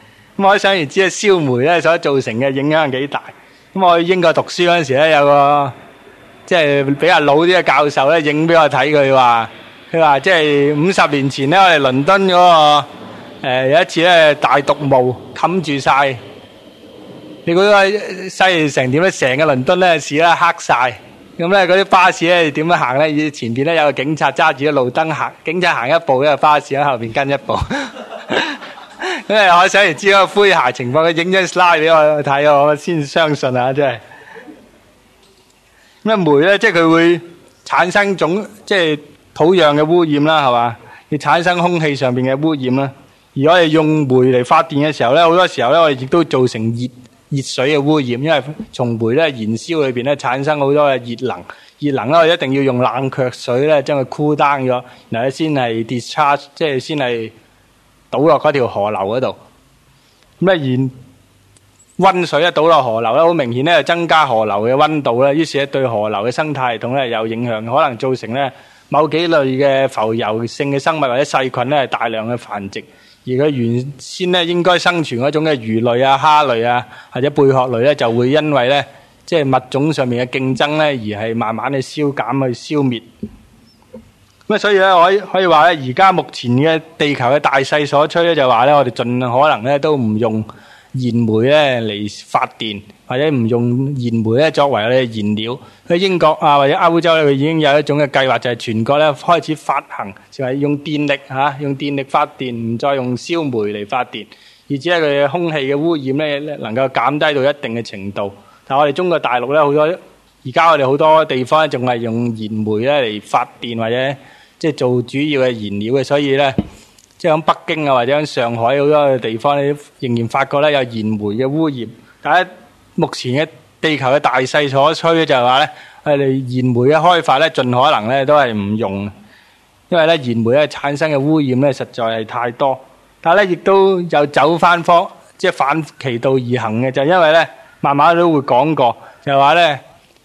咁可以想而知啊，燒煤咧所造成嘅影響幾大。咁我去英國讀書嗰陣時咧，有個即係比較老啲嘅教授咧，影俾我睇佢話，佢話即係五十年前咧，我哋倫敦嗰個誒有一次咧大毒霧冚住晒，你估西城點咧？成個倫敦咧市咧黑晒，咁咧嗰啲巴士咧點樣行咧？以前邊咧有個警察揸住個路燈行，警察行一步咧，巴士喺後邊跟一步。因為我想嚟知道個灰鞋情況，佢影張 slide 俾我睇，我先相信啊！即係咩煤咧，即係佢會產生種即係土壤嘅污染啦，係嘛？佢產生空氣上邊嘅污染啦。而我哋用煤嚟發電嘅時候咧，好多時候咧，我哋亦都造成熱熱水嘅污染，因為從煤咧燃燒裏邊咧產生好多嘅熱能，熱能咧我一定要用冷卻水咧將佢 cool down 咗，然後先係 discharge，即係先係。倒落嗰條河流嗰度，咁啊，然溫水一倒落河流咧，好明顯咧，就增加河流嘅溫度咧。於是咧，對河流嘅生態系統咧有影響，可能造成咧某幾類嘅浮游性嘅生物或者細菌咧大量嘅繁殖，而佢原先咧應該生存嗰種嘅魚類啊、蝦類啊或者貝殼類咧，就會因為咧即係物種上面嘅競爭咧，而係慢慢去消減去消滅。咁所以咧，我可以話咧，而家目前嘅地球嘅大勢所趨咧，就話咧，我哋盡可能咧都唔用燃煤咧嚟發電，或者唔用燃煤咧作為咧燃料。喺英國啊，或者歐洲咧，佢已經有一種嘅計劃，就係全國咧開始發行，就係用電力吓，用電力發電，唔再用燒煤嚟發電，而且咧，佢嘅空氣嘅污染咧，能夠減低到一定嘅程度。但係我哋中國大陸咧，好多而家我哋好多地方咧，仲係用燃煤咧嚟發電，或者。即係做主要嘅燃料嘅，所以呢，即係喺北京啊，或者喺上海好多嘅地方咧，仍然發覺呢有燃煤嘅污染。但係目前嘅地球嘅大勢所趨咧，就係話呢，我哋燃煤嘅開發呢，盡可能呢都係唔用，因為呢燃煤嘅產生嘅污染呢，實在係太多。但係呢，亦都有走翻方，即係反其道而行嘅，就係因為呢，慢慢都會講過，就係話呢，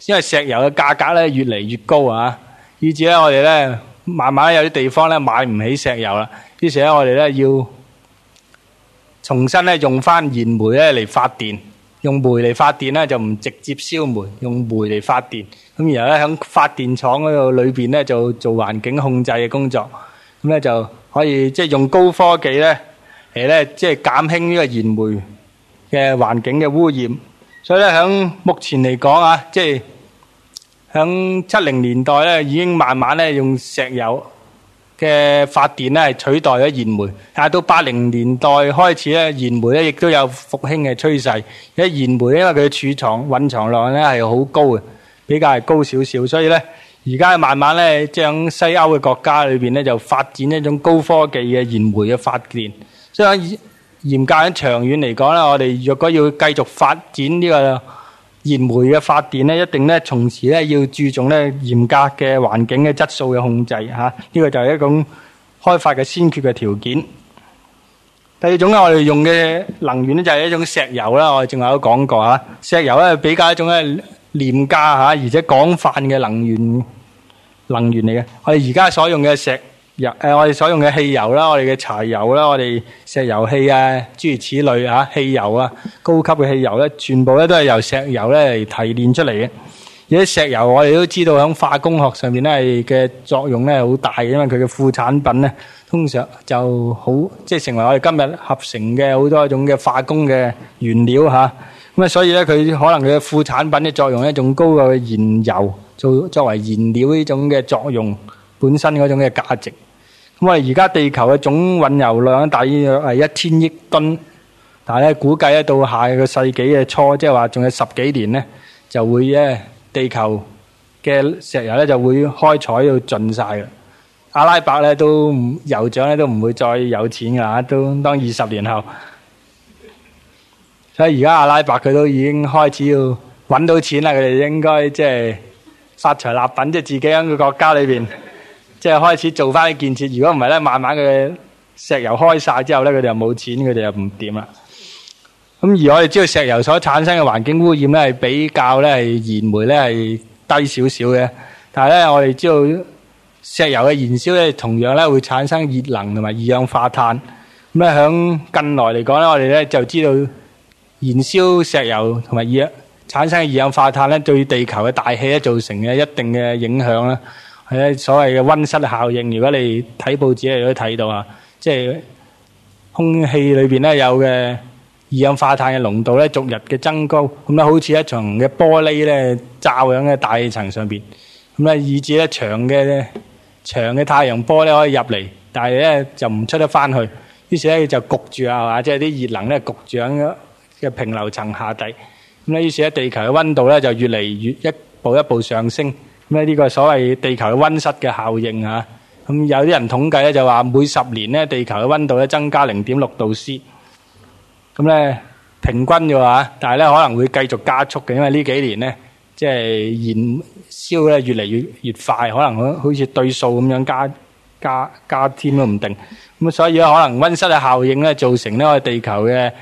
因為石油嘅價格呢，越嚟越高啊，以至呢，我哋呢。慢慢有啲地方咧買唔起石油啦，於是咧我哋咧要重新咧用翻燃煤咧嚟發電，用煤嚟發電咧就唔直接燒煤，用煤嚟發電。咁然後咧喺發電廠嗰度裏邊咧就做環境控制嘅工作，咁咧就可以即係用高科技咧嚟咧即係減輕呢個燃煤嘅環境嘅污染。所以咧喺目前嚟講啊，即係。響七零年代咧，已經慢慢咧用石油嘅發電咧取代咗燃煤。但係到八零年代開始咧，燃煤咧亦都有復興嘅趨勢。而燃煤因為佢嘅儲藏蘊藏量咧係好高嘅，比較係高少少，所以咧而家慢慢咧將西歐嘅國家裏邊咧就發展一種高科技嘅燃煤嘅發電。所以嚴格喺長遠嚟講咧，我哋若果要繼續發展呢個。燃煤嘅發電咧，一定咧，同時咧要注重咧嚴格嘅環境嘅質素嘅控制嚇，呢個就係一種開發嘅先決嘅條件。第二種啊，我哋用嘅能源咧就係一種石油啦，我哋正話都講過嚇，石油咧比較一種咧廉價嚇，而且廣泛嘅能源，能源嚟嘅。我哋而家所用嘅石油誒，我哋所用嘅汽油啦，我哋嘅柴油啦，我哋石油氣啊，諸如此類嚇，汽油啊，高級嘅汽油咧，全部咧都係由石油咧嚟提煉出嚟嘅。而啲石油我哋都知道喺化工學上面咧嘅作用咧係好大嘅，因為佢嘅副產品咧通常就好，即係成為我哋今日合成嘅好多一種嘅化工嘅原料嚇。咁啊，所以咧佢可能佢嘅副產品嘅作用一種高過燃油做作為燃料呢種嘅作用本身嗰種嘅價值。因為，而家地球嘅總運油量大約係一千億噸，但係咧，估計咧，到下個世紀嘅初，即係話仲有十幾年咧，就會咧地球嘅石油咧就會開採到盡晒啦。阿拉伯咧都酋長咧都唔會再有錢㗎啦，都當二十年後。所以而家阿拉伯佢都已經開始要搵到錢啦，佢哋應該即係發財立品，即係自己喺個國家裏邊。即係開始做翻啲建設，如果唔係咧，慢慢嘅石油開晒之後咧，佢哋又冇錢，佢哋又唔點啦。咁而我哋知道石油所產生嘅環境污染咧，係比較咧係燃煤咧係低少少嘅。但係咧，我哋知道石油嘅燃燒咧同樣咧會產生熱能同埋二氧化碳。咁咧響近來嚟講咧，我哋咧就知道燃燒石油同埋二產生二氧化碳咧，對地球嘅大氣咧造成嘅一定嘅影響啦。係咧，所謂嘅溫室效應，如果你睇報紙，你都可以睇到啊。即係空氣裏邊咧有嘅二氧化碳嘅濃度咧逐日嘅增高，咁咧好似一層嘅玻璃咧罩喺嘅大氣層上邊，咁咧以致咧長嘅長嘅太陽波咧可以入嚟，但係咧就唔出得翻去，於是咧就焗住啊嘛，即係啲熱能咧焗住喺嘅平流層下底，咁咧於是咧地球嘅溫度咧就越嚟越一步一步上升。咁呢個所謂地球嘅温室嘅效應吓，咁有啲人統計咧就話每十年咧地球嘅温度咧增加零點六度 C，咁咧平均嘅話，但係咧可能會繼續加速嘅，因為呢幾年咧即係燃燒咧越嚟越越快，可能好好似對數咁樣加加加添都唔定，咁所以咧可能温室嘅效應咧造成咧我哋地球嘅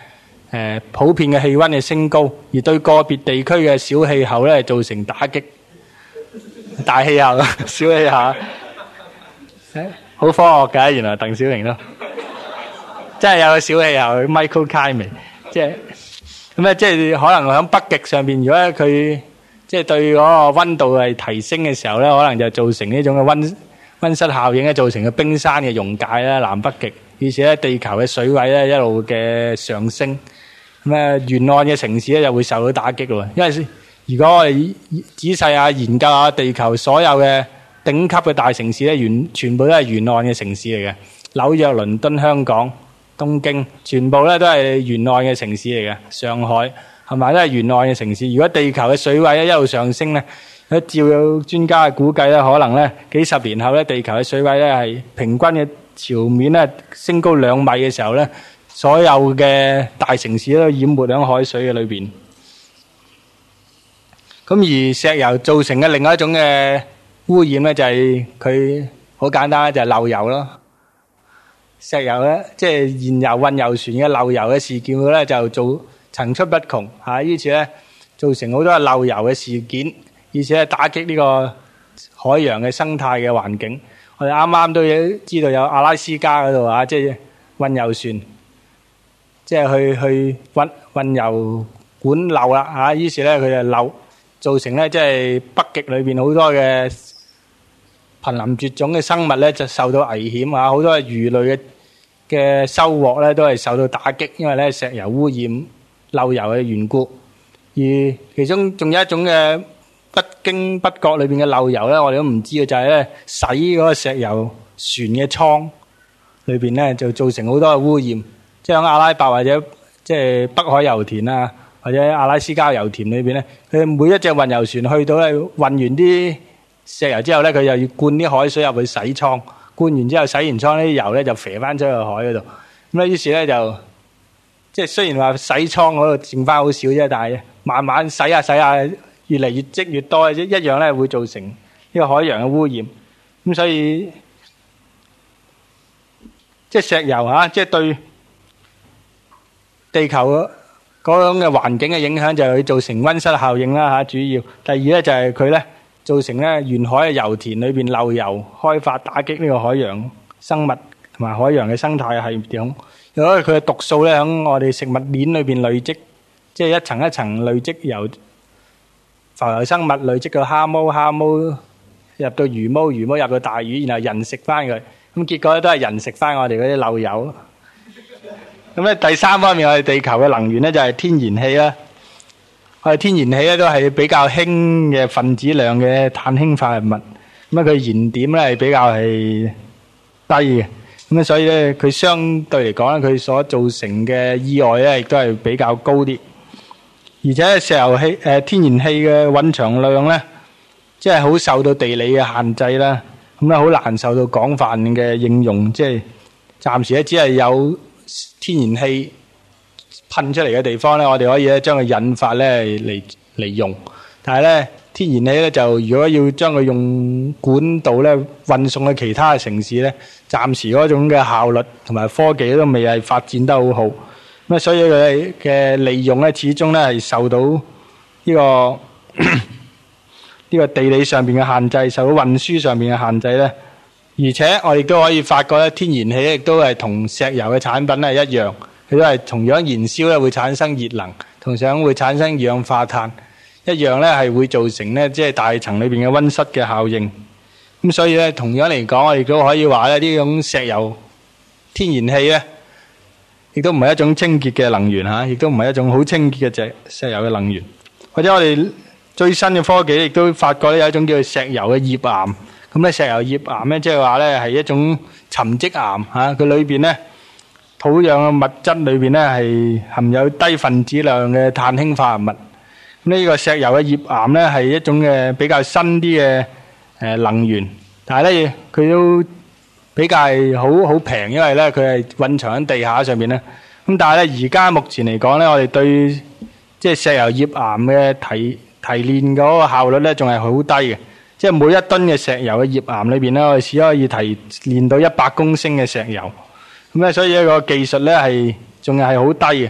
誒普遍嘅氣溫嘅升高，而對個別地區嘅小氣候咧造成打擊。大氣候、小氣候，好科學㗎。原來鄧小平咯，真係個有小氣候。Michael Kime，即係咁咧，即係可能喺北極上面，如果佢即係對嗰個溫度係提升嘅時候咧，可能就造成呢種嘅溫溫室效應咧，造成嘅冰山嘅溶解啦，南北極，於是咧地球嘅水位咧一路嘅上升，咁啊沿岸嘅城市咧就會受到打擊咯。因為先。如果我哋仔細啊研究下地球所有嘅頂級嘅大城市咧，完全部都係沿岸嘅城市嚟嘅。紐約、倫敦、香港、東京，全部咧都係沿岸嘅城市嚟嘅。上海係咪都係沿岸嘅城市？如果地球嘅水位咧一路上升咧，咧照有專家嘅估計咧，可能咧幾十年後咧，地球嘅水位咧係平均嘅潮面咧升高兩米嘅時候咧，所有嘅大城市都淹沒喺海水嘅裏邊。咁而石油造成嘅另外一種嘅污染咧，就係佢好簡單咧，就係漏油咯。石油咧，即係燃油運油船嘅漏油嘅事件佢咧，就做層出不窮嚇。於是咧，造成好多漏油嘅事件，而且咧打擊呢個海洋嘅生態嘅環境。我哋啱啱都知道有阿拉斯加嗰度啊，即係運油船，即係去去運運油管漏啦嚇。於是咧，佢就漏。造成咧，即係北極裏邊好多嘅瀕臨絕種嘅生物咧，就受到危險啊！好多魚類嘅嘅收穫咧，都係受到打擊，因為咧石油污染漏油嘅緣故。而其中仲有一種嘅不經不覺裏邊嘅漏油咧，我哋都唔知嘅，就係咧洗嗰個石油船嘅倉裏邊咧，就造成好多嘅污染，即係響阿拉伯或者即係北海油田啊。或者阿拉斯加油田裏邊咧，佢每一隻運油船去到咧，運完啲石油之後咧，佢又要灌啲海水入去洗艙，灌完之後洗完艙咧，啲油咧就肥翻出去海嗰度。咁咧於是咧就，即係雖然話洗艙嗰度剩翻好少啫，但係慢慢洗下、啊、洗下、啊，越嚟越積越多嘅啫，一樣咧會造成呢個海洋嘅污染。咁所以，即、就、係、是、石油啊，即、就、係、是、對地球嘅。嗰種嘅環境嘅影響就係佢做成溫室效應啦嚇，主要第二咧就係佢咧造成咧沿海嘅油田裏邊漏油，開發打擊呢個海洋生物同埋海洋嘅生態系統。因為佢嘅毒素咧響我哋食物鏈裏邊累積，即係一層一層累積，由浮游生物累積到蝦毛，蝦毛入到魚毛，魚毛入到大魚，然後人食翻佢，咁結果咧都係人食翻我哋嗰啲漏油。咁咧第三方面，我哋地球嘅能源咧就係天然氣啦。我哋天然氣咧都係比較輕嘅分子量嘅碳氫化合物。咁啊，佢燃點咧係比較係低嘅。咁啊，所以咧佢相對嚟講咧，佢所造成嘅意外咧，亦都係比較高啲。而且石油氣誒天然氣嘅蘊藏量咧，即係好受到地理嘅限制啦。咁咧好難受到廣泛嘅應用，即係暫時咧只係有。天然氣噴出嚟嘅地方咧，我哋可以咧將佢引發咧嚟嚟用，但係咧天然氣咧就如果要將佢用管道咧運送去其他嘅城市咧，暫時嗰種嘅效率同埋科技都未係發展得好好，咁所以佢嘅利用咧始終咧係受到呢、呢個呢、 呢個地理上面嘅限制，受到運輸上面嘅限制咧。而且我亦都可以發覺咧，天然氣亦都係同石油嘅產品咧係一樣，佢都係同樣燃燒咧會產生熱能，同樣會產生二氧化碳一樣咧係會造成咧即係大層裏邊嘅溫室嘅效應。咁所以咧同樣嚟講，我亦都可以話咧呢種石油、天然氣咧，亦都唔係一種清潔嘅能源嚇，亦都唔係一種好清潔嘅石石油嘅能源。或者我哋最新嘅科技亦都發覺咧有一種叫做石油嘅頁岩。咁咧，石油頁岩咧，即係話咧，係一種沉積岩嚇，佢裏邊咧，土壤嘅物質裏邊咧，係含有低分子量嘅碳氫化合物。咁呢個石油嘅頁岩咧，係一種嘅比較新啲嘅誒能源，但係咧，佢都比較係好好平，因為咧，佢係蘊藏喺地下上邊咧。咁但係咧，而家目前嚟講咧，我哋對即係石油頁岩嘅提提煉嗰個效率咧，仲係好低嘅。即係每一噸嘅石油嘅頁岩裏邊咧，我哋只可以提煉到一百公升嘅石油咁咧，所以呢個技術咧係仲係好低嘅。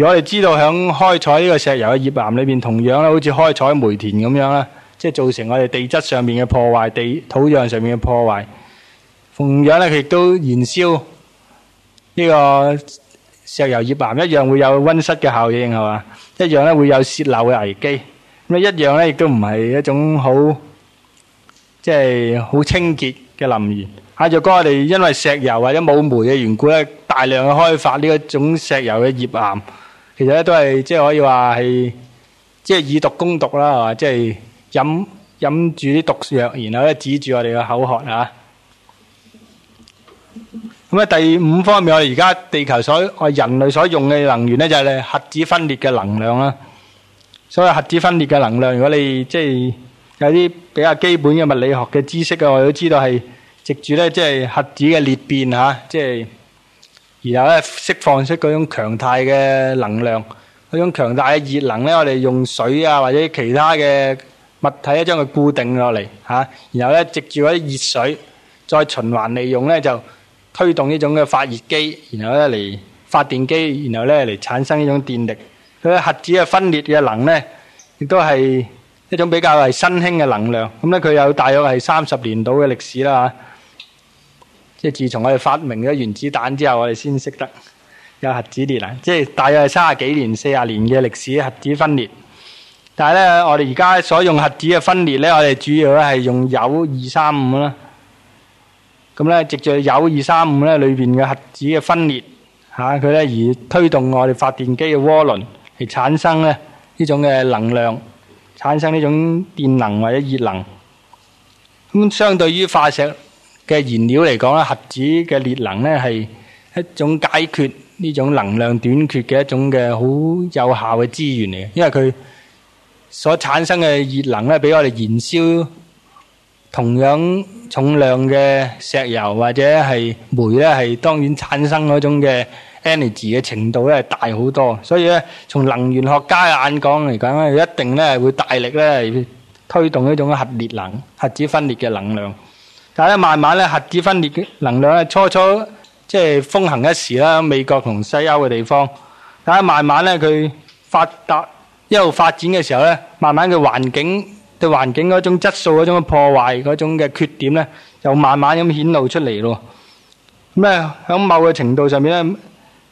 而我哋知道響開採呢個石油嘅頁岩裏邊，同樣咧好似開採煤田咁樣咧，即係造成我哋地質上面嘅破壞，地土壤上面嘅破壞，同樣咧佢亦都燃燒呢個石油頁岩，一樣會有溫室嘅效應，係嘛？一樣咧會有洩漏嘅危機，咁啊一樣咧亦都唔係一種好。即係好清潔嘅能源。吓，若果我哋因為石油或者冇煤嘅緣故咧，大量嘅開發呢一種石油嘅頁岩，其實咧都係即係可以話係即係以毒攻毒啦，係嘛？即係飲飲住啲毒藥，然後咧止住我哋嘅口渴啊。咁啊，第五方面，我哋而家地球所我人類所用嘅能源咧，就係咧核子分裂嘅能量啦。所謂核子分裂嘅能量，如果你即係。有啲比較基本嘅物理學嘅知識嘅，我都知道係藉住咧，即係核子嘅裂變嚇，即係然後咧釋放出嗰種強大嘅能量，嗰種強大嘅熱能咧，我哋用水啊或者其他嘅物體咧將佢固定落嚟嚇，然後咧藉住嗰啲熱水再循環利用咧就推動呢種嘅發熱機，然後咧嚟發電機，然後咧嚟產生呢種電力。佢核子嘅分裂嘅能咧亦都係，也是一種比較係新興嘅能量，咁咧佢有大約係三十年到嘅歷史啦。即係自從我哋發明咗原子彈之後，我哋先識得有核子裂能。即係大約係三十幾年、四十年嘅歷史核子分裂。但係咧，我哋而家所用的核子嘅分裂咧，我哋主要咧係用鈾二三五啦。咁咧，藉著鈾二三五咧裏邊嘅核子嘅分裂，嚇佢咧而推動我哋發電機嘅渦輪，係產生咧呢種嘅能量。產生呢種電能或者熱能，咁相對於化石嘅燃料嚟講咧，核子嘅裂能咧係一種解決呢種能量短缺嘅一種嘅好有效嘅資源嚟嘅，因為佢所產生嘅熱能咧，比我哋燃燒同樣重量嘅石油或者係煤咧，係當然產生嗰種嘅 energy 嘅程度咧大好多，所以咧從能源學家嘅眼光嚟講咧，一定咧會大力咧推動呢種核裂能、核子分裂嘅能量。但係咧慢慢咧，核子分裂嘅能量咧初初即係風行一時啦，美國同西歐嘅地方。但係慢慢咧，佢發達一路發展嘅時候咧，慢慢嘅環境對環境嗰種質素、嗰種破壞、嗰種嘅缺點咧，又慢慢咁顯露出嚟咯。咁咧響某個程度上面咧。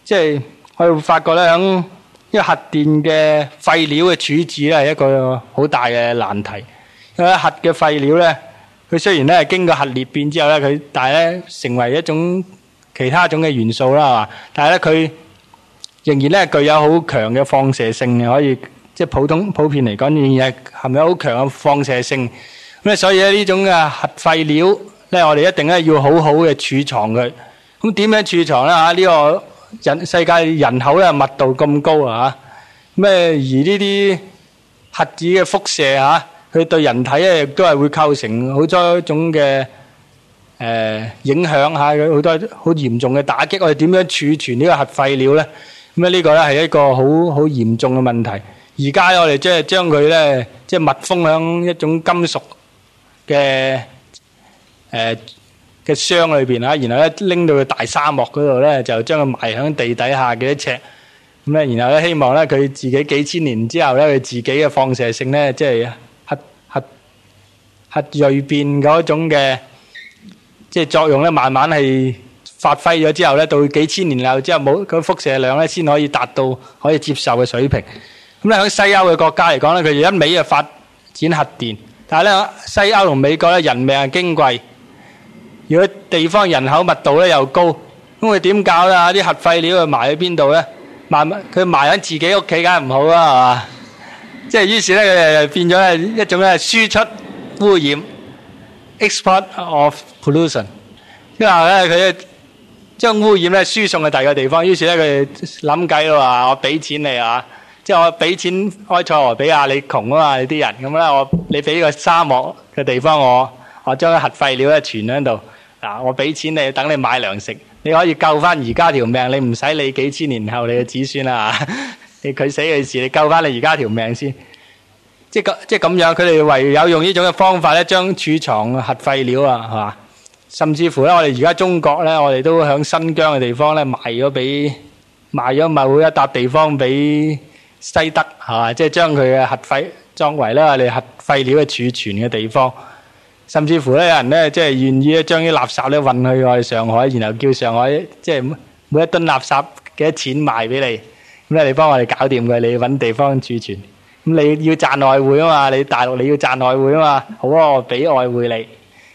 即係我哋發覺咧，響因為核電嘅廢料嘅處置咧係一個好大嘅難題。咁啊，核嘅廢料咧，佢雖然咧經過核裂變之後咧，佢但係咧成為一種其他種嘅元素啦，係嘛？但係咧佢仍然咧具有好強嘅放射性嘅，可以即係普通普遍嚟講，仍然係含有好強嘅放射性。咁咧，所以咧呢種嘅核廢料咧，我哋一定咧要好好嘅儲藏佢。咁點樣儲藏咧？啊，呢個。人世界人口咧密度咁高啊，咩而呢啲核子嘅輻射嚇，佢對人體咧亦都係會構成好多種嘅誒影響嚇，好多好嚴重嘅打擊。我哋點樣儲存呢個核廢料咧？咁咧呢個咧係一個好好嚴重嘅問題。而家我哋即係將佢咧，即係密封喺一種金屬嘅誒。嘅箱裏邊啊，然後咧拎到去大沙漠嗰度咧，就將佢埋響地底下嘅一尺咁咧，然後咧希望咧佢自己幾千年之後咧，佢自己嘅放射性咧，即係核核核嬗變嗰種嘅即係作用咧，慢慢係發揮咗之後咧，到幾千年後之後冇個輻射量咧，先可以達到可以接受嘅水平。咁咧喺西歐嘅國家嚟講咧，佢哋一味啊發展核電，但係咧西歐同美國咧，人命係矜貴。如果地方人口密度咧又高，咁佢點搞呢？啲核廢料佢埋喺邊度咧？埋佢埋喺自己屋企，梗係唔好啦，係嘛？即係於是咧，佢哋變咗係一種咧輸出污染 （export of pollution）。即係話咧，佢將污染咧輸送去第二個地方。於是咧，佢諗計咯，話我俾錢你啊，即係我俾錢埃塞俄比亞你窮啊嘛，你啲人咁咧，我你俾個沙漠嘅地方，我我將核廢料咧存喺度。嗱，我俾錢你，等你買糧食，你可以救翻而家條命，你唔使你幾千年後你嘅子孫啦。你佢死嘅事，你救翻你而家條命先。即係咁，即係咁樣，佢哋唯有用呢種嘅方法咧，將儲藏核廢料啊，係嘛？甚至乎咧，我哋而家中國咧，我哋都喺新疆嘅地方咧賣咗俾賣咗某一笪地方俾西德，係嘛，即係將佢嘅核廢作為咧，我哋核廢料嘅儲存嘅地方。甚至乎咧有人咧，即係願意咧將啲垃圾咧運去我哋上海，然後叫上海即係每一噸垃圾幾多錢賣俾你，咁咧你幫我哋搞掂佢，你揾地方儲存，咁你要賺外匯啊嘛，你大陸你要賺外匯啊嘛，好啊，我俾外匯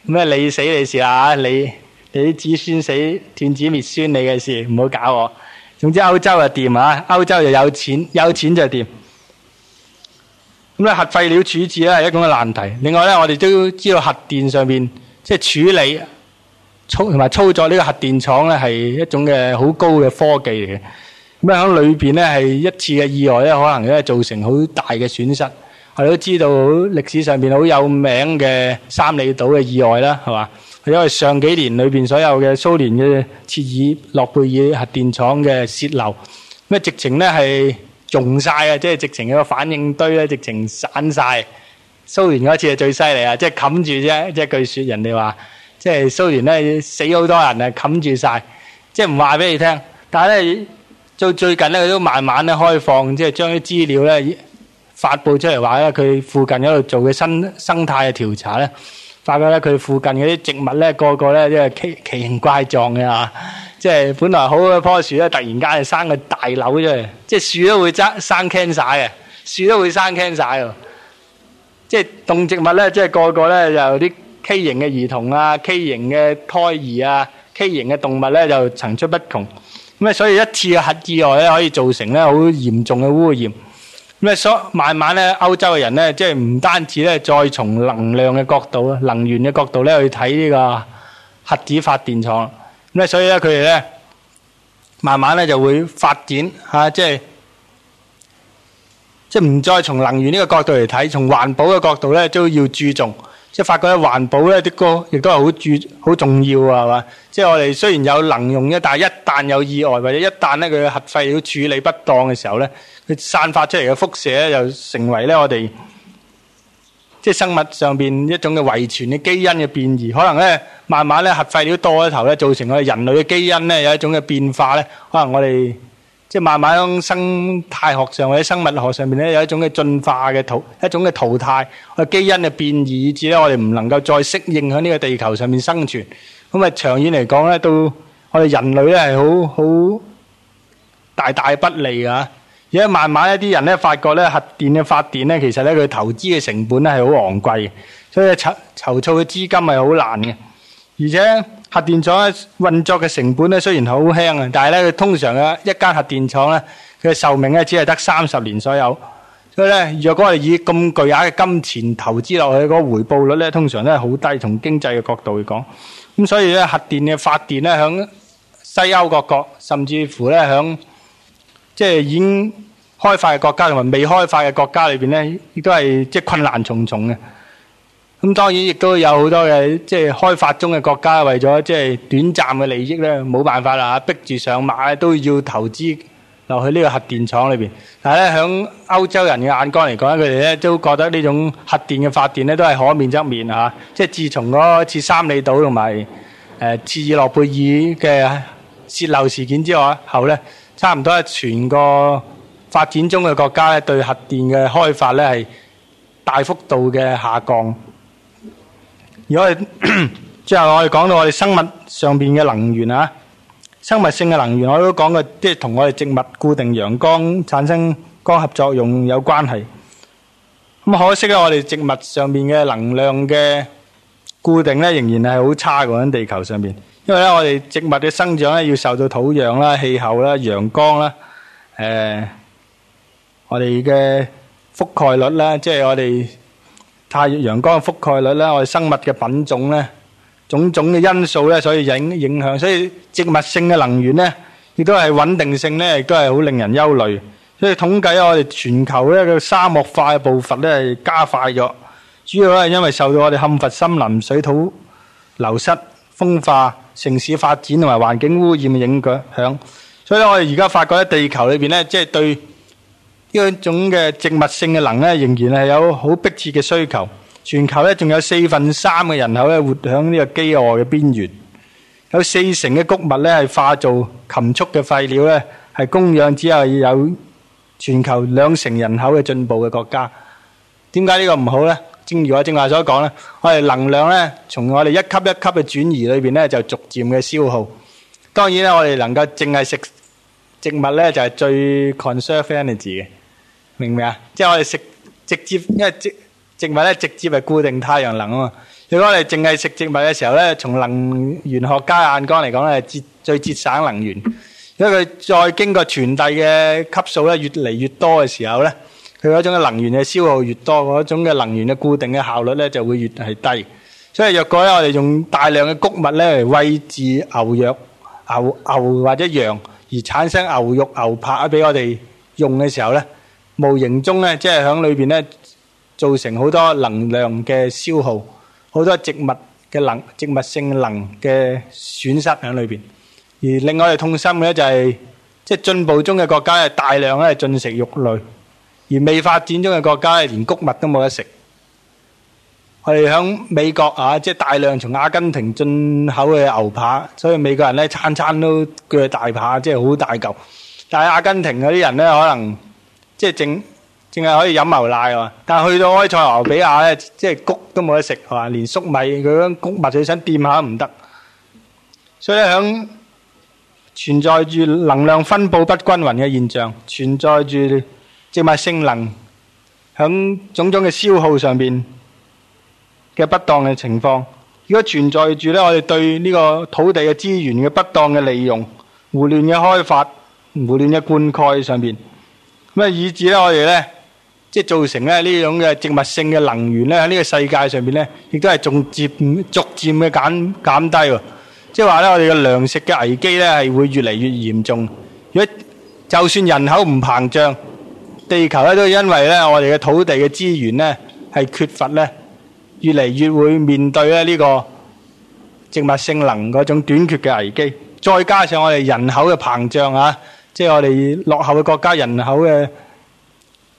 你，咁咧你死你事啦嚇，你你子孫死斷子滅孫你嘅事，唔好搞我。總之歐洲就掂啊，歐洲就有錢，有錢就掂。咁核廢料處置咧係一種嘅難題。另外咧，我哋都知道核電上面即係處理操同埋操作呢個核電廠咧係一種嘅好高嘅科技嚟嘅。咁咧喺裏邊咧係一次嘅意外咧，可能咧造成好大嘅損失。我哋都知道歷史上邊好有名嘅三里島嘅意外啦，係嘛？係因為上幾年裏邊所有嘅蘇聯嘅切爾諾貝爾核電廠嘅洩漏，咁咧直情咧係。融晒啊！即係直情個反應堆咧，直情散晒。蘇聯嗰次係最犀利啊！即係冚住啫，即係據説人哋話，即係蘇聯咧死好多人啊，冚住晒，即係唔話俾你聽，但係咧到最近咧，佢都慢慢咧開放，即係將啲資料咧發布出嚟，話咧佢附近嗰度做嘅生生態嘅調查咧，發覺咧佢附近嗰啲植物咧個個咧即係奇，奇形怪狀嘅嚇。即係本來好嘅一樖樹咧，突然間就生個大瘤出嚟。即係樹都會生生 cancer 嘅，樹都會生 cancer 喎。即係動植物咧，即係個個咧就啲畸形嘅兒童啊，畸形嘅胎兒啊，畸形嘅動物咧就層出不窮。咁啊，所以一次嘅核意外咧可以造成咧好嚴重嘅污染。咁啊，所慢慢咧歐洲嘅人咧，即係唔單止咧再從能量嘅角度啊，能源嘅角度咧去睇呢個核子發電廠。所以咧，佢哋咧，慢慢咧就會發展吓，即係即係唔再從能源呢個角度嚟睇，從環保嘅角度咧都要注重，即係發覺咧環保咧啲歌亦都係好注好重要啊嘛！即係我哋雖然有能用，但係一旦有意外，或者一旦咧佢嘅核廢料處理不當嘅時候咧，佢散發出嚟嘅輻射咧，又成為咧我哋。即係生物上邊一種嘅遺傳嘅基因嘅變異，可能咧慢慢咧核廢料多咗頭咧，造成我哋人類嘅基因咧有一種嘅變化咧，可能我哋即係慢慢喺生態學上或者生物學上面咧有一種嘅進化嘅淘一種嘅淘汰，我哋嘅基因嘅變異以至咧我哋唔能夠再適應喺呢個地球上面生存，咁啊長遠嚟講咧，對我哋人類咧係好好大大不利啊！而家慢慢一啲人咧，發覺咧核電嘅發電咧，其實咧佢投資嘅成本咧係好昂貴嘅，所以籌籌措嘅資金係好難嘅。而且呢核電廠呢運作嘅成本咧雖然好輕啊，但係咧佢通常咧一間核電廠咧，佢嘅壽命咧只係得三十年左右。所以咧，若果係以咁巨額嘅金錢投資落去，嗰個回報率咧通常都係好低，從經濟嘅角度去講。咁所以咧，核電嘅發電咧，響西歐各國甚至乎咧響，在即係已經開發嘅國家同埋未開發嘅國家裏邊咧，亦都係即係困難重重嘅。咁當然亦都有好多嘅即係開發中嘅國家，為咗即係短暫嘅利益咧，冇辦法啦，逼住上馬都要投資落去呢個核電廠裏邊。但係咧，響歐洲人嘅眼光嚟講，佢哋咧都覺得呢種核電嘅發電咧都係可免則免啊！即係自從嗰次三里島同埋誒切爾諾貝爾嘅洩漏事件之後咧。差唔多係全個發展中嘅國家咧，對核電嘅開發咧係大幅度嘅下降。如果係，之後我哋講到我哋生物上邊嘅能源啊，生物性嘅能源我都講過，就是，跟我都講嘅，即係同我哋植物固定陽光產生光合作用有關係。咁可惜咧，我哋植物上面嘅能量嘅固定咧，仍然係好差嘅喺地球上邊。因為咧，我哋植物嘅生長咧，要受到土壤啦、氣候啦、陽光啦、誒，我哋嘅覆蓋率啦，即係我哋太陽光嘅覆蓋率啦，我哋生物嘅品種咧，種種嘅因素咧，所以影影響。所以植物性嘅能源咧，亦都係穩定性咧，亦都係好令人憂慮。所以統計我哋全球咧個沙漠化嘅步伐咧，係加快咗。主要咧係因為受到我哋砍伐森林、水土流失、風化、城市發展同埋環境污染嘅影響，所以咧我哋而家發覺咧，地球裏邊咧，即係對呢一種嘅植物性嘅能咧，仍然係有好迫切嘅需求。全球咧仲有四分三嘅人口咧活喺呢個飢餓嘅邊緣，有四成嘅穀物咧係化做禽畜嘅廢料咧，係供養只有有全球兩成人口嘅進步嘅國家。點解呢個唔好呢？正如我正話所講咧，我哋能量咧，從我哋一級一級嘅轉移裏邊咧，就逐漸嘅消耗。當然咧，我哋能夠淨係食植物咧，就係最 conserve energy 嘅，明唔明啊？即係我哋食直接，因為植植物咧直接係固定太陽能啊嘛。如果我哋淨係食植物嘅時候咧，從能源學家眼光嚟講咧，節最節省能源。因為佢再經過傳遞嘅級數咧，越嚟越多嘅時候咧。佢嗰種嘅能源嘅消耗越多，嗰一種嘅能源嘅固定嘅效率咧就會越係低。所以若果咧我哋用大量嘅穀物咧嚟餵飼牛肉、牛牛或者羊而產生牛肉、牛扒俾我哋用嘅時候咧，無形中咧即係響裏邊咧造成好多能量嘅消耗，好多植物嘅能、植物性能嘅損失響裏邊。而令我哋痛心嘅咧就係即係進步中嘅國家係大量咧進食肉類。而未發展中嘅國家咧，連穀物都冇得食。我哋喺美國呀，即係大量從阿根廷進口嘅牛扒，所以美國人咧餐餐都鋸大扒，即係好大嚿。但係阿根廷嗰啲人咧，可能即係淨淨係可以飲牛奶啊。但係去到埃塞俄比亞咧，即係穀都冇得食，係嘛？連粟米嗰啲穀物都想掂下都唔得。所以喺存在住能量分布不均勻嘅現象，存在住。植物性能喺種種嘅消耗上邊嘅不當嘅情況，如果存在住咧，我哋對呢個土地嘅資源嘅不當嘅利用、胡亂嘅開發、胡亂嘅灌溉上邊，咁啊，以致咧我哋咧即係造成咧呢種嘅植物性嘅能源咧喺呢個世界上邊咧，亦都係仲漸逐漸嘅減減低，即係話咧我哋嘅糧食嘅危機咧係會越嚟越嚴重。如果就算人口唔膨脹，地球咧都因為咧我哋嘅土地嘅資源咧係缺乏咧，越嚟越會面對咧呢個植物性能嗰種短缺嘅危機。再加上我哋人口嘅膨脹啊，即係我哋落後嘅國家人口嘅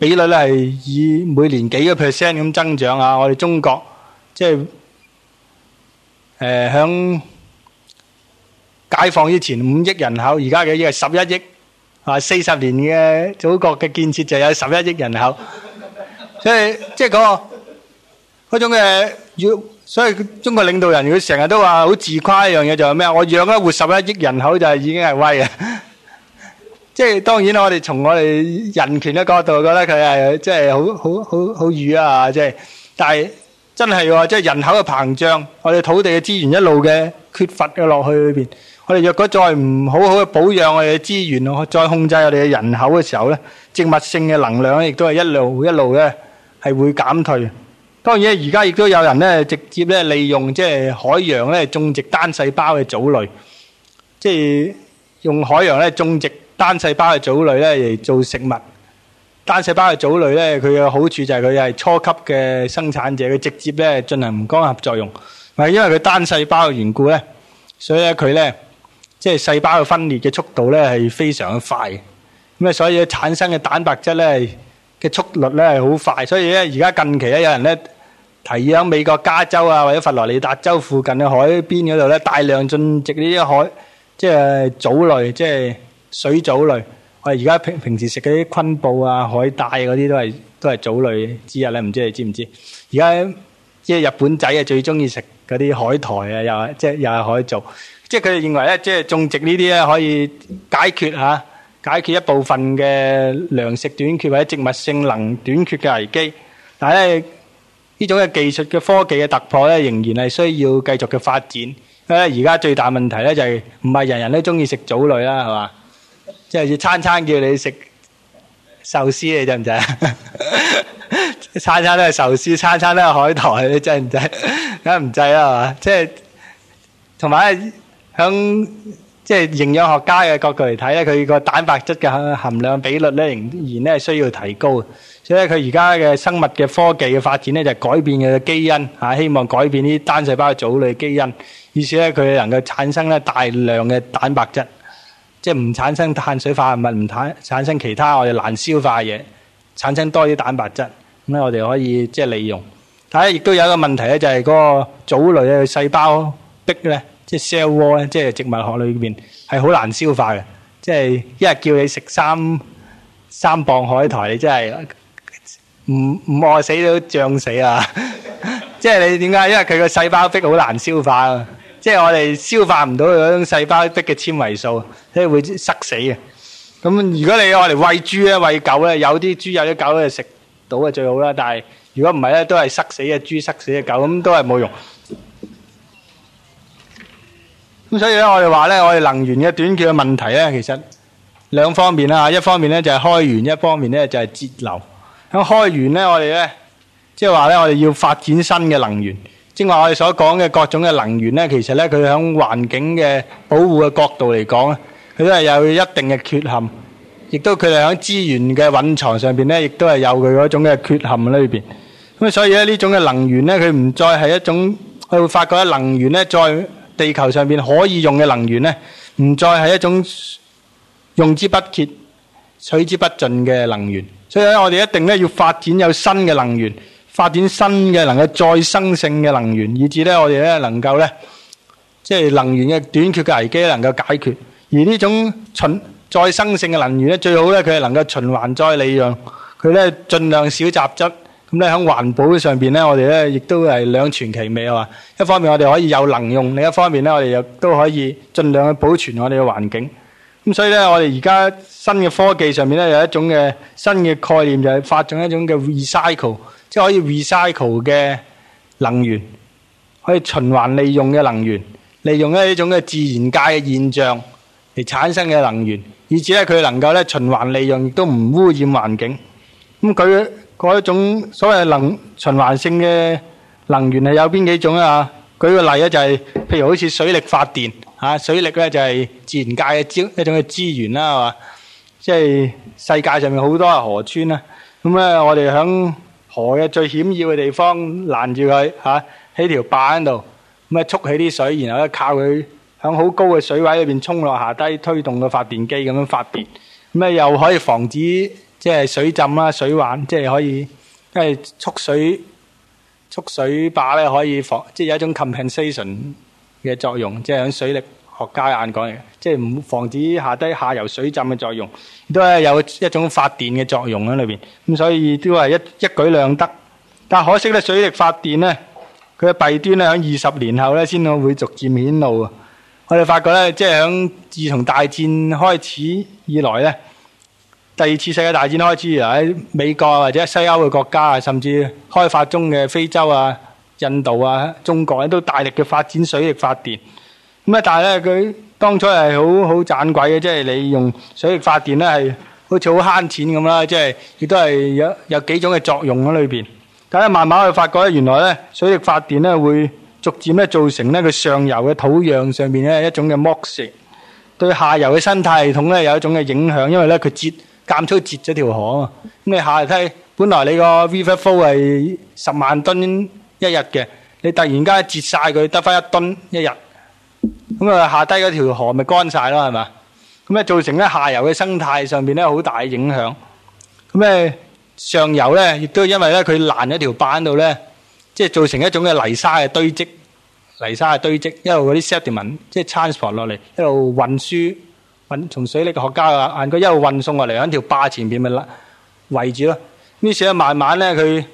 比率咧係以每年幾個 percent 咁增長啊！我哋中國即係誒響解放以前五億人口，而家嘅已經係十一億。話四十年嘅祖國嘅建設就有十一億人口，即係即係嗰個嗰種嘅要，所以中國領導人佢成日都話好自誇一樣嘢，就係咩啊？我養得活十一億人口就係已經係威啊！即係當然啦，我哋從我哋人權嘅角度覺得佢係即係好好好好愚啊！即係，但係真係喎，即係人口嘅膨脹，我哋土地嘅資源一路嘅缺乏嘅落去裏邊。我哋若果再唔好好嘅保養我哋嘅資源，再控制我哋嘅人口嘅時候咧，植物性嘅能量咧，亦都係一路一路咧係會減退。當然，而家亦都有人咧直接咧利用即係海洋咧種植單細胞嘅藻類，即係用海洋咧種植單細胞嘅藻類咧嚟做食物。單細胞嘅藻類咧，佢嘅好處就係佢係初級嘅生產者，佢直接咧進行唔光合作用。但係因為佢單細胞嘅緣故咧，所以咧佢咧。即係細胞嘅分裂嘅速度咧係非常嘅快，咁啊所以產生嘅蛋白質咧嘅速率咧係好快，所以咧而家近期咧有人咧提議喺美國加州啊或者佛羅里達州附近嘅海邊嗰度咧大量進植呢啲海即係藻類，即係水藻類。我哋而家平平時食嗰啲昆布啊、海帶嗰啲都係都係藻類之一咧，唔知你知唔知？而家即係日本仔啊最中意食嗰啲海苔啊，又係即係又係海藻。即係佢哋認為咧，即係種植呢啲咧可以解決吓，解決一部分嘅糧食短缺或者植物性能短缺嘅危機。但係呢，呢種嘅技術嘅科技嘅突破咧，仍然係需要繼續嘅發展。咁咧，而家最大問題咧就係唔係人人都中意食藻類啦，係嘛？即係要餐餐叫你食壽司，你制唔制啊？餐餐都係壽司，餐餐都係海苔，你制唔制？梗係唔制啦，係嘛？即係同埋咧。響即係營養學家嘅角度嚟睇咧，佢個蛋白質嘅含量比率咧，仍然咧係需要提高。所以咧，佢而家嘅生物嘅科技嘅發展咧，就改變佢嘅基因吓，希望改變啲單細胞嘅藻類基因，意思咧，佢能夠產生咧大量嘅蛋白質，即係唔產生碳水化合物，唔產產生其他我哋難消化嘅嘢，產生多啲蛋白質，咁咧我哋可以即係利用。但係亦都有一個問題咧，就係嗰個藻類嘅細胞壁咧。即係 cell wall 咧，即係植物學裏邊係好難消化嘅。即係一日叫你食三三磅海苔，你真係唔唔餓死都脹死啊！ 即係你點解？因為佢個細胞壁好難消化，即係我哋消化唔到嗰種細胞壁嘅纖維素，即係會塞死嘅。咁如果你我嚟餵豬咧，餵狗咧，有啲豬有啲狗咧食到啊最好啦。但係如果唔係咧，都係塞死嘅豬，塞死嘅狗，咁都係冇用。咁所以咧，我哋話咧，我哋能源嘅短缺嘅問題咧，其實兩方面啦吓，一方面咧就係開源，一方面咧就係節流。響開源咧，我哋咧，即係話咧，我哋要發展新嘅能源，即係話我哋所講嘅各種嘅能源咧，其實咧，佢響環境嘅保護嘅角度嚟講咧，佢都係有一定嘅缺陷，亦都佢哋響資源嘅蘊藏上邊咧，亦都係有佢嗰種嘅缺陷裏邊。咁啊，所以咧呢種嘅能源咧，佢唔再係一種，佢會發覺咧能源咧再。地球上面可以用嘅能源咧，唔再係一種用之不竭，取之不盡嘅能源，所以咧我哋一定咧要發展有新嘅能源，發展新嘅能夠再生性嘅能源，以至咧我哋咧能夠咧，即係能源嘅短缺嘅危機能夠解決。而呢種循再生性嘅能源咧，最好咧佢係能夠循環再利用，佢咧盡量少雜質。咁咧喺環保上邊咧，我哋咧亦都係兩全其美啊嘛，一方面我哋可以有能用，另一方面咧我哋又都可以盡量去保存我哋嘅環境。咁所以咧，我哋而家新嘅科技上面咧有一種嘅新嘅概念，就係發展一種嘅 recycle，即係可以 recycle 嘅能源，可以循環利用嘅能源，利用呢一種嘅自然界嘅現象嚟產生嘅能源，以至咧佢能夠咧循環利用，亦都唔污染環境。咁佢。嗰一種所謂能循環性嘅能源係有邊幾種啊？舉個例啊，就係譬如好似水力發電嚇，水力咧就係自然界嘅資一種嘅資源啦，係嘛？即係世界上面好多係河川啦，咁咧我哋響河嘅最險要嘅地方攔住佢嚇，喺條壩度，咁啊蓄起啲水，然後咧靠佢響好高嘅水位裏邊衝落下低，推動個發電機咁樣發電，咁啊又可以防止。即係水浸啦、水患，即係可以，因為蓄水蓄水壩咧可以防，即係有一種 compensation 嘅作用，即係喺水力學家嘅眼光嚟嘅，即係唔防止下低下游水浸嘅作用，亦都係有一種發電嘅作用喺裏邊，咁所以都係一一舉兩得。但可惜咧，水力發電咧，佢嘅弊端咧喺二十年後咧先會逐漸顯露啊！我哋發覺咧，即係響自從大戰開始以來咧。第二次世界大戰開始喺美國或者西歐嘅國家啊，甚至開發中嘅非洲啊、印度啊、中國咧、啊，都大力嘅發展水力發電。咁啊，但係咧佢當初係好好盞鬼嘅，即係你用水力發電咧，係好似好慳錢咁啦。即係亦都係有有幾種嘅作用喺裏邊。但係慢慢去發覺咧，原來咧水力發電咧會逐漸咧造成咧佢上游嘅土壤上面咧一種嘅剝蝕，對下游嘅生態系統咧有一種嘅影響，因為咧佢接。淡粗截咗條河啊！咁你下梯，本來你個 river flow 係十萬噸一日嘅，你突然間截晒佢，得翻一噸一日，咁啊下低嗰條河咪乾晒咯，係嘛？咁咧造成咧下游嘅生態上邊咧好大嘅影響。咁咧上游咧亦都因為咧佢爛咗條板度咧，即係造成一種嘅泥沙嘅堆積，泥沙嘅堆積一路嗰啲 sediment 即係 transport 落嚟，一路運輸。運從水力學家啊，行佢一路運送啊，嚟喺條壩前邊咪攔圍住咯。於是咧慢慢咧佢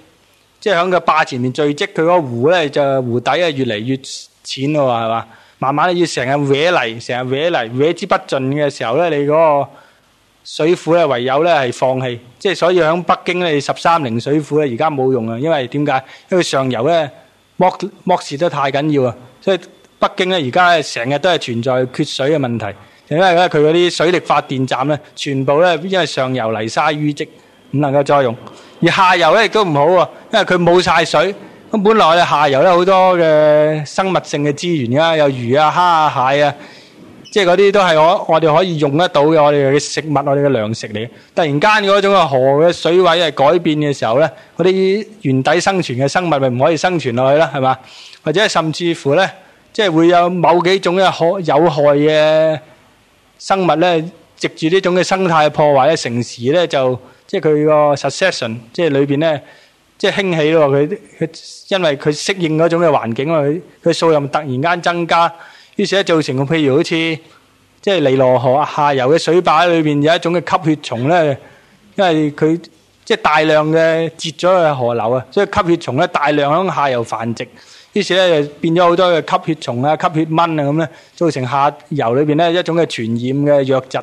即係喺個壩前面聚積佢個湖咧，就湖底啊越嚟越淺咯，係嘛？慢慢要成日搲泥，成日搲泥搲之不盡嘅時候咧，你嗰個水庫咧唯有咧係放棄。即係所以喺北京咧，十三陵水庫咧而家冇用啊，因為點解？因為上游咧剝剝蝕得太緊要啊，所以北京咧而家成日都係存在缺水嘅問題。因為咧，佢嗰啲水力發電站咧，全部咧因為上游泥沙淤積，唔能夠再用；而下游咧亦都唔好喎，因為佢冇晒水。咁本來我哋下游咧好多嘅生物性嘅資源啦，有魚啊、蝦啊、蟹啊，即係嗰啲都係我我哋可以用得到嘅，我哋嘅食物，我哋嘅糧食嚟嘅。突然間嗰種嘅河嘅水位係改變嘅時候咧，嗰啲原底生存嘅生物咪唔可以生存落去啦，係嘛？或者甚至乎咧，即係會有某幾種嘅害有害嘅。生物咧，藉住呢種嘅生態破壞咧，城市咧就即係佢個 succession，即係裏邊咧，即係興起咯。佢佢因為佢適應嗰種嘅環境啊，佢佢數量突然間增加，於是咧造成個譬如好似即係尼羅河下游嘅水壩裏邊有一種嘅吸血蟲咧，因為佢即係大量嘅截咗嘅河流啊，所以吸血蟲咧大量響下游繁殖。於是咧，變咗好多嘅吸血蟲啊、吸血蚊啊咁咧，造成下游裏邊咧一種嘅傳染嘅瘧疾，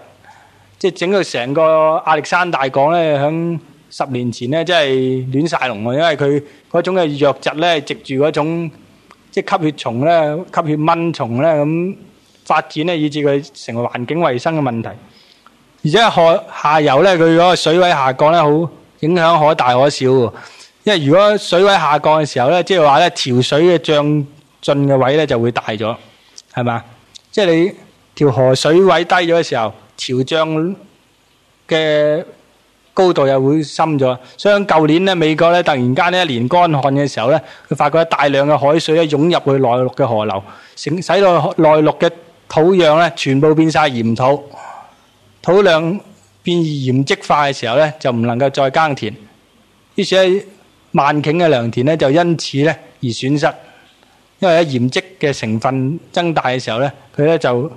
即係整個成個亞歷山大港咧，響十年前咧真係亂晒龍喎，因為佢嗰種嘅瘧疾咧，藉住嗰種即係吸血蟲咧、吸血蚊蟲咧咁發展咧，以至佢成為環境衞生嘅問題。而且河下游咧，佢嗰個水位下降咧，好影響可大可小喎。因為如果水位下降嘅時候咧，即係話咧，潮水嘅漲進嘅位咧就會大咗，係嘛？即係你條河水位低咗嘅時候，潮漲嘅高度又會深咗。所以舊年咧美國咧突然間呢一年乾旱嘅時候咧，佢發覺大量嘅海水咧湧入去內陸嘅河流，使到內陸嘅土壤咧全部變晒鹽土，土壤變鹽漬化嘅時候咧就唔能夠再耕田，於是。萬頃嘅良田咧，就因此咧而損失，因為喺鹽積嘅成分增大嘅時候咧，佢咧就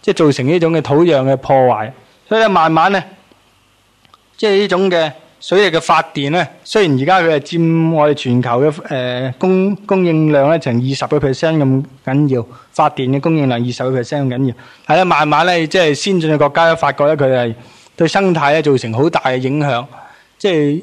即係造成呢種嘅土壤嘅破壞，所以慢慢咧，即係呢種嘅水力嘅發電咧，雖然而家佢係佔我哋全球嘅誒、呃、供供應量咧，成二十個 percent 咁緊要，發電嘅供應量二十個 percent 咁緊要，係啦，但慢慢咧，即係先進嘅國家咧，發覺咧佢係對生態咧造成好大嘅影響，即係。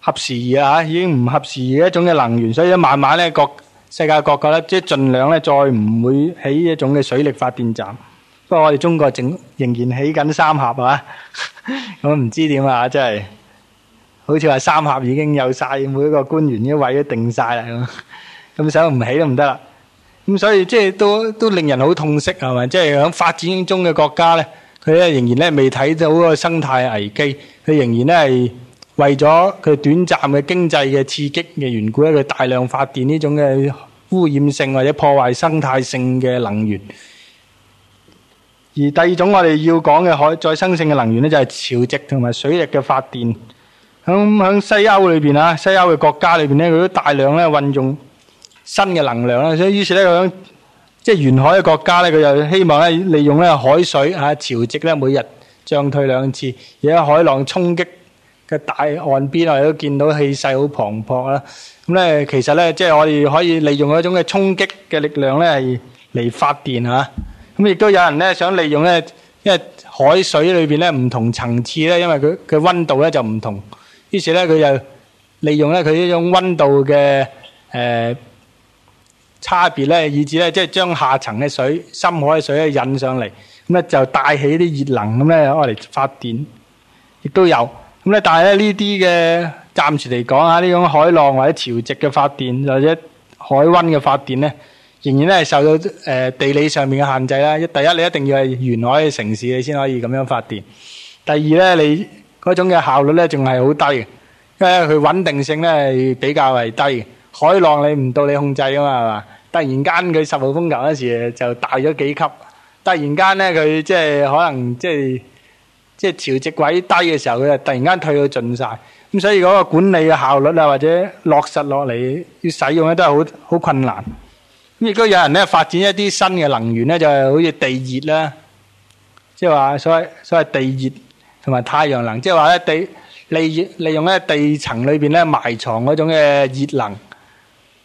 合時啊！吓，已經唔合時，一種嘅能源，所以慢慢咧，各世界各國咧，即係盡量咧，再唔會起一種嘅水力發電站。不過我哋中國仲仍然起緊三峽啊！吓，咁唔知點啊！吓，即係好似話三峽已經有晒每一個官員啲位都定晒啦，咁想唔起都唔得啦。咁所以即係都都令人好痛惜係咪，即係響發展中嘅國家咧，佢咧仍然咧未睇到個生態危機，佢仍然咧係。為咗佢短暫嘅經濟嘅刺激嘅緣故咧，佢大量發電呢種嘅污染性或者破壞生態性嘅能源。而第二種我哋要講嘅海再生性嘅能源呢，就係潮汐同埋水力嘅發電。響、嗯、響西歐裏邊啊，西歐嘅國家裏邊呢，佢都大量咧運用新嘅能量啦。所以於是咧佢響即係沿海嘅國家咧，佢就希望咧利用呢海水吓、啊、潮汐咧每日漲退兩次，而喺海浪衝擊，嘅大岸邊啊，我哋都見到氣勢好磅礴啦。咁咧，其實咧，即係我哋可以利用一種嘅衝擊嘅力量咧，係嚟發電啊。咁亦都有人咧想利用咧，因為海水裏邊咧唔同層次咧，因為佢嘅温度咧就唔同，於是咧佢就利用咧佢呢種温度嘅誒差別咧，以至咧即係將下層嘅水、深海嘅水咧引上嚟，咁咧就帶起啲熱能咁咧，攞嚟發電，亦都有。咁咧，但係咧呢啲嘅，暫時嚟講吓，呢種海浪或者潮汐嘅發電，或者海温嘅發電咧，仍然咧係受到誒地理上面嘅限制啦。一第一，你一定要係沿海嘅城市，你先可以咁樣發電。第二咧，你嗰種嘅效率咧仲係好低嘅，因為佢穩定性咧係比較係低。海浪你唔到你控制啊嘛，係嘛？突然間佢十號風球嗰時就大咗幾級，突然間咧佢即係可能即係。即係潮汐位低嘅時候，佢就突然間退到盡晒。咁所以嗰個管理嘅效率啊，或者落實落嚟要使用咧，都係好好困難。咁亦都有人咧發展一啲新嘅能源咧，就係、是、好似地熱啦，即係話所謂所謂地熱同埋太陽能，即係話咧地利利用咧地層裏邊咧埋藏嗰種嘅熱能，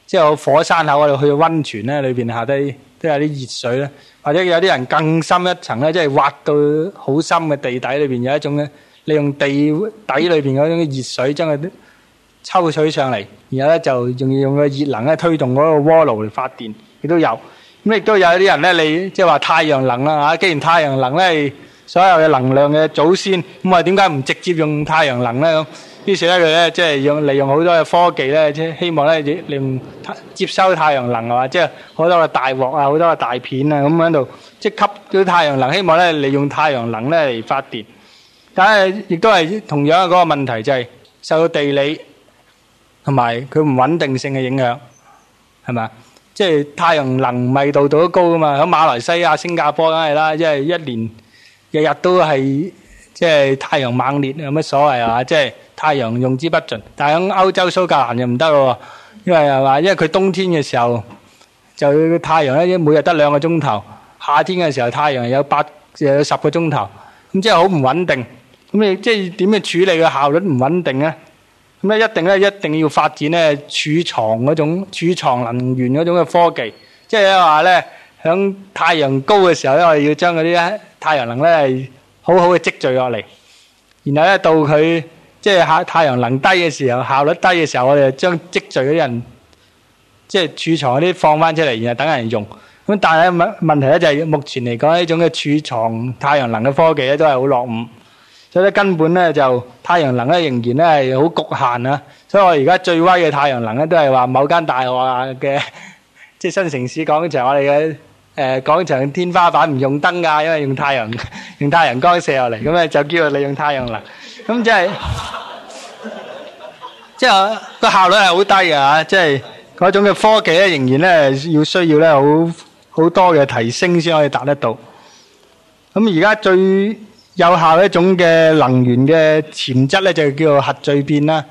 即係火山口度去到溫泉咧裏邊下低。即係啲熱水咧，或者有啲人更深一層咧，即係挖到好深嘅地底裏邊有一種咧，利用地底裏邊嗰種熱水將佢抽取上嚟，然後咧就用用個熱能咧推動嗰個鍋爐嚟發電，亦都有。咁亦都有啲人咧，你即係話太陽能啦嚇，既然太陽能咧係所有嘅能量嘅祖先，咁啊點解唔直接用太陽能咧？於是咧，佢咧即係用利用好多嘅科技咧，即係希望咧利用太接收太陽能啊！即係好多嘅大鑊啊，好多嘅大片啊，咁喺度即係吸咗啲太陽能，希望咧利用太陽能咧嚟發電。但係亦都係同樣嘅嗰個問題，就係受到地理同埋佢唔穩定性嘅影響，係咪啊？即係太陽能密度度都高啊嘛！喺馬來西亞、新加坡梗係啦，即係一年日日都係。即係太陽猛烈有乜所謂啊？即係太陽用之不盡，但係響歐洲蘇格蘭又唔得咯，因為係嘛，因為佢冬天嘅時候，就太陽咧，每日得兩個鐘頭；夏天嘅時候，太陽有八又有十個鐘頭，咁即係好唔穩定。咁你即係點去處理個效率唔穩定咧？咁咧一定咧一定要發展咧儲藏嗰種儲藏能源嗰種嘅科技，即係話咧響太陽高嘅時候咧，我哋要將嗰啲太陽能咧。好好嘅積聚落嚟，然後咧到佢即係太太陽能低嘅時候，效率低嘅時候，我哋就將積聚嗰啲人，即係儲藏嗰啲放翻出嚟，然後等人用。咁但係問問題咧就係目前嚟講呢種嘅儲藏太陽能嘅科技咧都係好落伍，所以咧根本咧就太陽能咧仍然咧係好局限啊！所以我而家最威嘅太陽能咧都係話某間大學嘅即係新城市講嘅就係我哋嘅。誒，廣場天花板唔用燈噶，因為用太陽用太陽光射落嚟，咁咧就叫做利用太陽能啦。咁即係，即係個效率係好低噶吓，即係嗰種嘅科技咧，仍然咧要需要咧好好多嘅提升先可以達得到。咁而家最有效一種嘅能源嘅潛質咧，就叫做核聚變啦，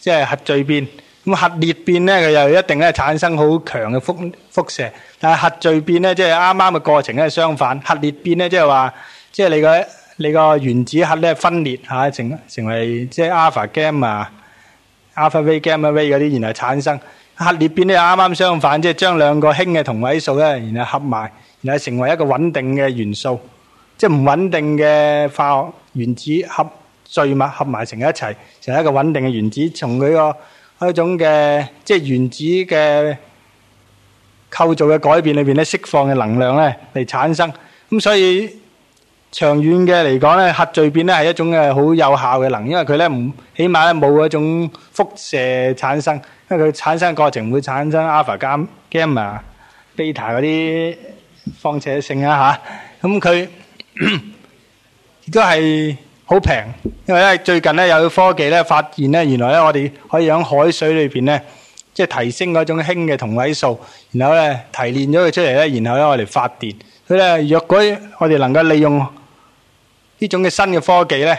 即係核聚變。咁核裂變咧，佢又一定咧產生好強嘅輻輻射。但係核聚變咧，即係啱啱嘅過程咧相反。核裂變咧，即係話，即係你個你個原子核咧分裂嚇，啊，成成為即係 Al Gam alpha gamma 啊，alpha ray gamma 啊 ray 嗰啲，然後產生核裂變咧啱啱相反，即係將兩個輕嘅同位素咧，然後合埋，然後成為一個穩定嘅元素。即係唔穩定嘅化學原子合聚嘛，合埋成一齊，成為一個穩定嘅原子，從佢、這個。喺一種嘅即係原子嘅構造嘅改變裏邊咧，釋放嘅能量咧嚟產生。咁所以長遠嘅嚟講咧，核聚變咧係一種嘅好有效嘅能，因為佢咧唔起碼咧冇一種輻射產生，因為佢產生過程唔會產生 alpha、gam、gamma、beta 嗰啲放射性啊嚇。咁佢亦都係。好平，因為咧最近咧有科技咧發現咧，原來咧我哋可以喺海水裏邊咧，即係提升嗰種氫嘅同位素，然後咧提煉咗佢出嚟咧，然後咧我哋發電。所以咧，若果我哋能夠利用呢種嘅新嘅科技咧，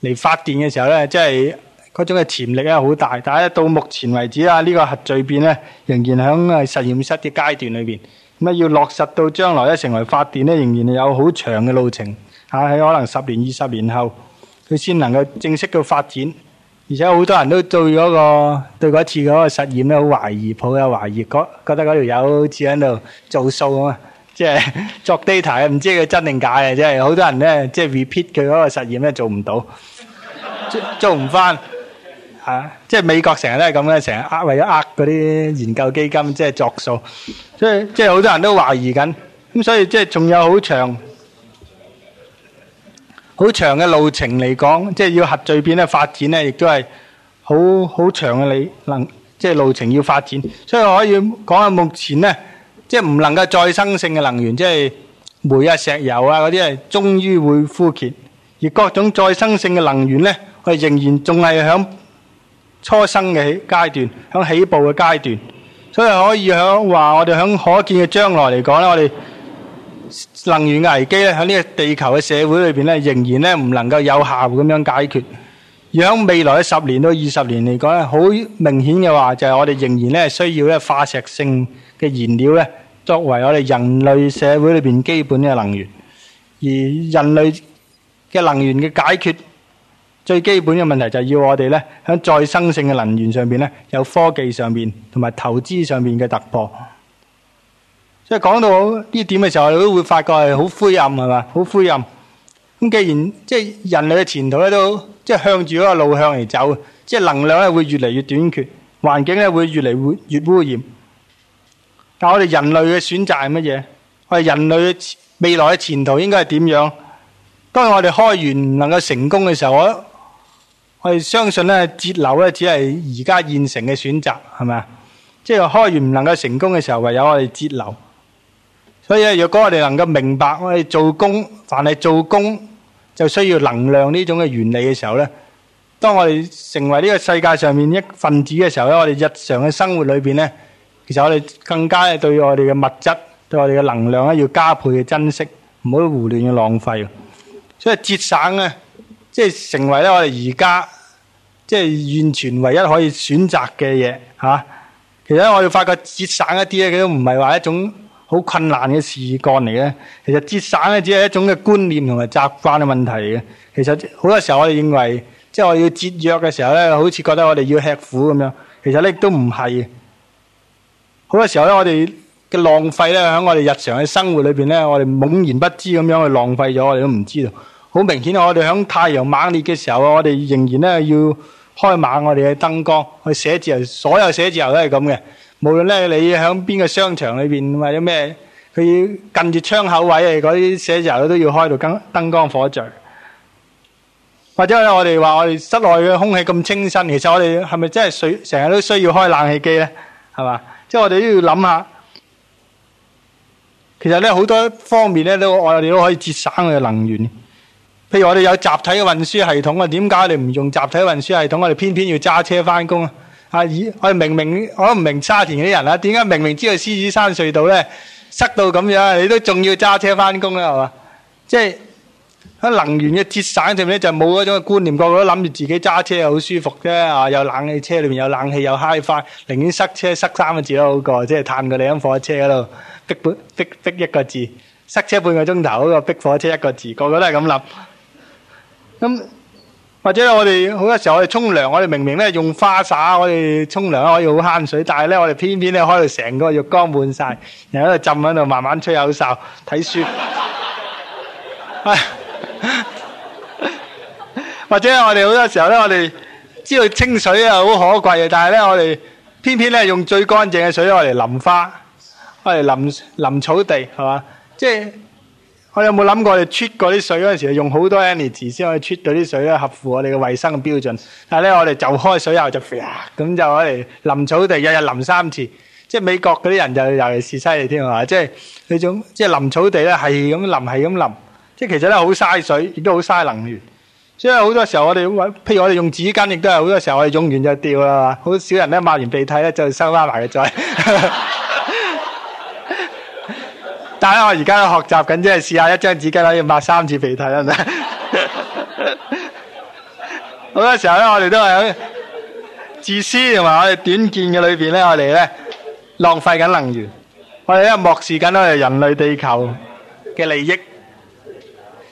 嚟發電嘅時候咧，即係嗰種嘅潛力咧好大。但係咧到目前為止啦，呢個核聚變咧仍然喺實驗室嘅階段裏邊，咁啊要落實到將來咧成為發電咧，仍然有好長嘅路程。喺、啊、可能十年二十年後，佢先能夠正式嘅發展，而且好多人都對嗰、嗰個對嗰次嗰個實驗咧好懷疑，抱有懷疑，覺覺得嗰條友似喺度做數啊，嘛，即係作 data 唔知佢真定假啊。即係好多人咧即係 repeat 佢嗰個實驗咧做唔到， 做唔翻，啊，即係美國成日都係咁嘅，成日呃為咗呃嗰啲研究基金即係作數，即係即係好多人都懷疑緊，咁所以即係仲有好長。好長嘅路程嚟講，即係要核聚變咧發展咧，亦都係好好長嘅里程即係路程要發展，所以可以講下目前咧，即係唔能夠再生性嘅能源，即係煤啊、石油啊嗰啲係終於會枯竭，而各種再生性嘅能源咧，我哋仍然仲係響初生嘅階段，響起步嘅階段，所以可以響話我哋響可見嘅將來嚟講咧，我哋。能源嘅危機咧，喺呢個地球嘅社會裏邊咧，仍然咧唔能夠有效咁樣解決。而喺未來嘅十年到二十年嚟講咧，好明顯嘅話就係我哋仍然咧需要咧化石性嘅燃料咧，作為我哋人類社會裏邊基本嘅能源。而人類嘅能源嘅解決最基本嘅問題，就係要我哋咧喺再生性嘅能源上邊咧，有科技上面同埋投資上面嘅突破。即係講到呢點嘅時候，你都會發覺係好灰暗，係嘛？好灰暗。咁既然即係人類嘅前途咧，都即係向住嗰個路向嚟走，即係能量咧會越嚟越短缺，環境咧會越嚟越越污染。但我哋人類嘅選擇係乜嘢？我哋人類未來嘅前途應該係點樣？當我哋開源唔能夠成功嘅時候，我我哋相信咧，節流咧只係而家現成嘅選擇，係咪啊？即係開源唔能夠成功嘅時候，唯有我哋節流。所以如若果我哋能夠明白我哋做工，凡係做工就需要能量呢種嘅原理嘅時候呢，當我哋成為呢個世界上面一份子嘅時候呢，我哋日常嘅生活裏邊呢，其實我哋更加對我哋嘅物質，對我哋嘅能量要加倍嘅珍惜，唔好胡亂嘅浪費。所以節省呢，即、就是成為咧我哋而家，即、就是完全唯一可以選擇嘅嘢。其實我哋發覺節省一啲，佢都唔係話一種。好困難嘅事幹嚟嘅，其實節省咧只係一種嘅觀念同埋習慣嘅問題嚟嘅。其實好多時候我哋認為，即係我要節約嘅時候咧，好似覺得我哋要吃苦咁樣。其實呢，亦都唔係。好多時候咧，我哋嘅浪費咧，喺我哋日常嘅生活裏邊咧，我哋懵然不知咁樣去浪費咗，我哋都唔知道。好明顯，我哋響太陽猛烈嘅時候，我哋仍然咧要開猛我哋嘅燈光去寫字樓，所有寫字樓都係咁嘅。無論咧你喺邊個商場裏邊或者咩，佢要近住窗口位嗰啲寫字樓都要開到燈燈光火着。或者咧，我哋話我哋室內嘅空氣咁清新,其實我哋係咪真係需成日都需要開冷氣機咧？係嘛，即係我哋都要諗下。其實咧，好多方面咧，都我哋都可以節省我哋嘅能源。譬如我哋有集體嘅運輸系統啊，點解你唔用集體運輸系統？我哋偏偏要揸車翻工啊？啊！咦，我明明我都唔明沙田啲人呀，點解明明知道獅子山隧道咧塞到咁樣，你都仲要揸車翻工咧？係嘛？即係喺能源嘅節省上面咧，就冇嗰種嘅觀念，個個都諗住自己揸車又好舒服啫啊！有冷氣，車裏面有冷氣，有 high 翻，寧願塞車塞三個字都好過，即係探個兩火車喺度逼半逼逼一個字，塞車半個鐘頭嗰個逼火車一個字，個個都係咁諗。咁。或者我哋好多時候我哋沖涼，我哋明明咧用花灑，我哋沖涼可以好慳水，但係咧我哋偏偏咧開到成個浴缸滿晒，然後喺度浸喺度，慢慢吹口哨睇雪。或者我哋好多時候咧，我哋知道清水啊好可貴嘅，但係咧我哋偏偏咧用最乾淨嘅水，我嚟淋花，我嚟淋淋草地，係嘛，即係。我有冇諗過我哋處理嗰啲水嗰陣時，用好多 energy 先可以出到啲水咧，合乎我哋嘅衛生嘅標準。但係咧，我哋就開水後就嘩咁就嚟淋草地，日日淋三次。即係美國嗰啲人就尤其是犀利添啊！即係呢種即係淋草地咧，係咁淋係咁淋。即係其實咧，好嘥水，亦都好嘥能源。所以好多時候我哋，譬如我哋用紙巾，亦都係好多時候我哋用完就掉啦。好少人咧，抹完鼻涕咧就收翻埋嘅在。但係咧，我而家咧學習緊，即係試下一張紙巾可以抹三次鼻涕，係咪？好多時候咧，我哋都係自私同埋我哋短見嘅裏邊咧，我哋咧浪費緊能源。我哋一漠視緊我哋人類地球嘅利益。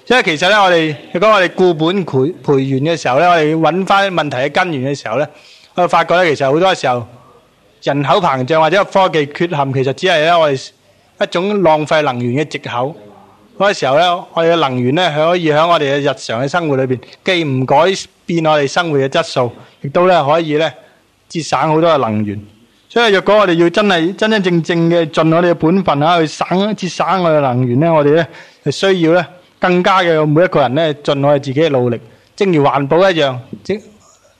因為其實咧，我哋如果我哋固本培培元嘅時候咧，我哋要揾翻問題嘅根源嘅時候咧，我發覺咧，其實好多時候人口膨脹或者科技缺陷，其實只係因為我哋。一種浪費能源嘅借口。嗰個時候咧，我哋嘅能源咧係可以喺我哋嘅日常嘅生活裏邊，既唔改變我哋生活嘅質素，亦都咧可以咧節省好多嘅能源。所以若果我哋要真係真真正正嘅盡我哋嘅本分啊，去省節省我哋嘅能源咧，我哋咧係需要咧更加嘅每一個人咧盡我哋自己嘅努力。正如環保一樣，即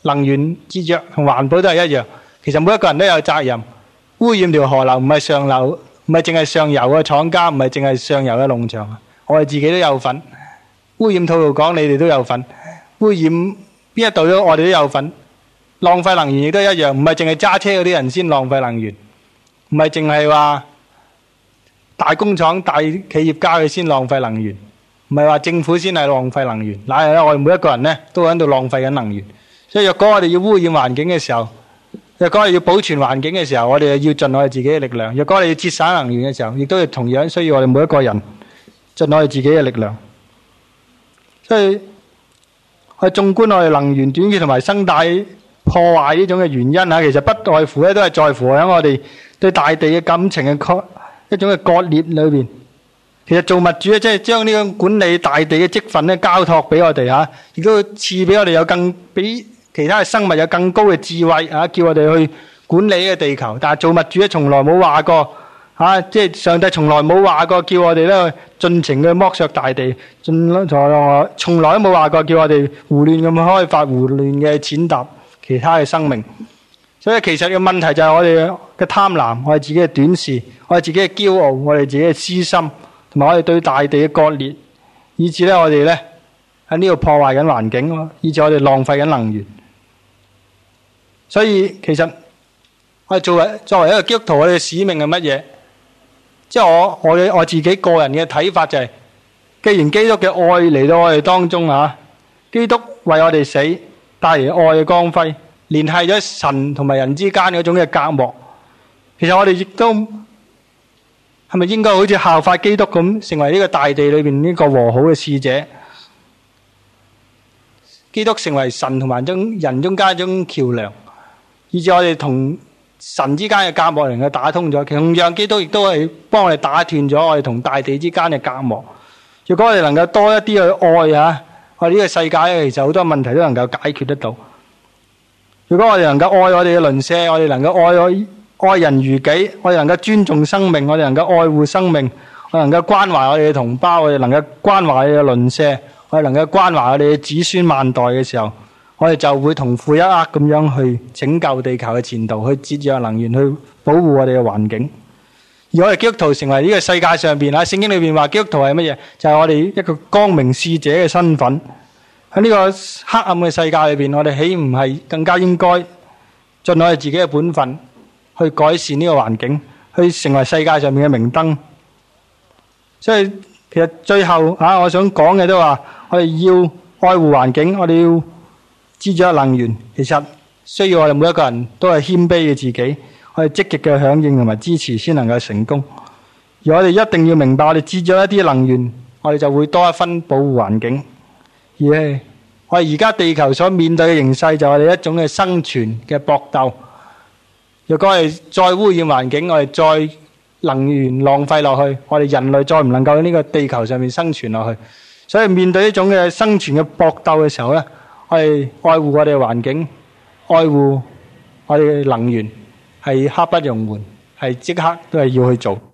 能源節約同環保都係一樣。其實每一個人都有責任，污染條河流唔係上流。唔係淨係上游嘅廠家，唔係淨係上游嘅農場，我哋自己都有份。污染吐露港，你哋都有份。污染邊一度都我哋都有份。浪費能源亦都一樣，唔係淨係揸車嗰啲人先浪費能源，唔係淨係話大工廠、大企業家佢先浪費能源，唔係話政府先係浪費能源，嗱，我哋每一個人咧都喺度浪費緊能源。所以若果我哋要污染環境嘅時候，若果係要保存環境嘅時候，我哋要盡我哋自己嘅力量；若果係要節省能源嘅時候，亦都要同樣需要我哋每一個人盡我哋自己嘅力量。所以，我哋縱觀我哋能源短缺同埋生態破壞呢種嘅原因吓，其實不在乎咧，都係在乎喺我哋對大地嘅感情嘅一種嘅割裂裏邊。其實造物主啊，即係將呢種管理大地嘅職分咧，交託俾我哋吓，亦都賜俾我哋有更比。其他嘅生物有更高嘅智慧啊，叫我哋去管理嘅地球，但係造物主咧從來冇話過啊，即係上帝從來冇話過叫我哋咧盡情去剝削大地，從來從來都冇話過叫我哋胡亂咁開發、胡亂嘅踐踏其他嘅生命。所以其實嘅問題就係我哋嘅貪婪，我哋自己嘅短視，我哋自己嘅驕傲，我哋自己嘅私心，同埋我哋對大地嘅割裂，以致咧我哋咧喺呢度破壞緊環境啊，以致我哋浪費緊能源。所以其實我作為作為一個基督徒，我嘅使命係乜嘢？即係我我我自己個人嘅睇法就係，既然基督嘅愛嚟到我哋當中啊，基督為我哋死，帶嚟愛嘅光輝，聯繫咗神同埋人之間嗰種嘅隔膜。其實我哋亦都係咪應該好似效法基督咁，成為呢個大地裏面呢個和好嘅使者？基督成為神同埋人中間一種橋樑。以至我哋同神之間嘅隔膜能夠打通咗，同樣基督亦都係幫我哋打斷咗我哋同大地之間嘅隔膜。如果我哋能夠多一啲去愛啊，我哋呢個世界其實好多問題都能夠解決得到。如果我哋能夠愛我哋嘅鄰舍，我哋能夠愛愛人如己，我哋能夠尊重生命，我哋能夠愛護生命，我哋能夠關懷我哋嘅同胞，我哋能夠關懷我哋嘅鄰舍，我哋能夠關懷我哋嘅子孫萬代嘅時候。我哋就會同負一軛咁樣去拯救地球嘅前途，去節約能源，去保護我哋嘅環境。而我哋基督徒成為呢個世界上邊，喺聖經裏邊話基督徒係乜嘢？就係我哋一個光明使者嘅身份。喺呢個黑暗嘅世界裏邊，我哋豈唔係更加應該盡我哋自己嘅本分，去改善呢個環境，去成為世界上面嘅明燈？所以其實最後吓，我想講嘅都話，我哋要愛護環境，我哋要。支咗能源，其實需要我哋每一個人都係謙卑嘅自己，我哋積極嘅響應同埋支持先能夠成功。而我哋一定要明白，我哋支咗一啲能源，我哋就會多一分保護環境。而我哋而家地球所面對嘅形勢，就係一種嘅生存嘅搏鬥。若果我哋再污染環境，我哋再能源浪費落去，我哋人類再唔能夠喺呢個地球上面生存落去。所以面對呢種嘅生存嘅搏鬥嘅時候呢，係愛護我哋環境，愛護我哋嘅能源，係刻不容緩，係即刻都係要去做。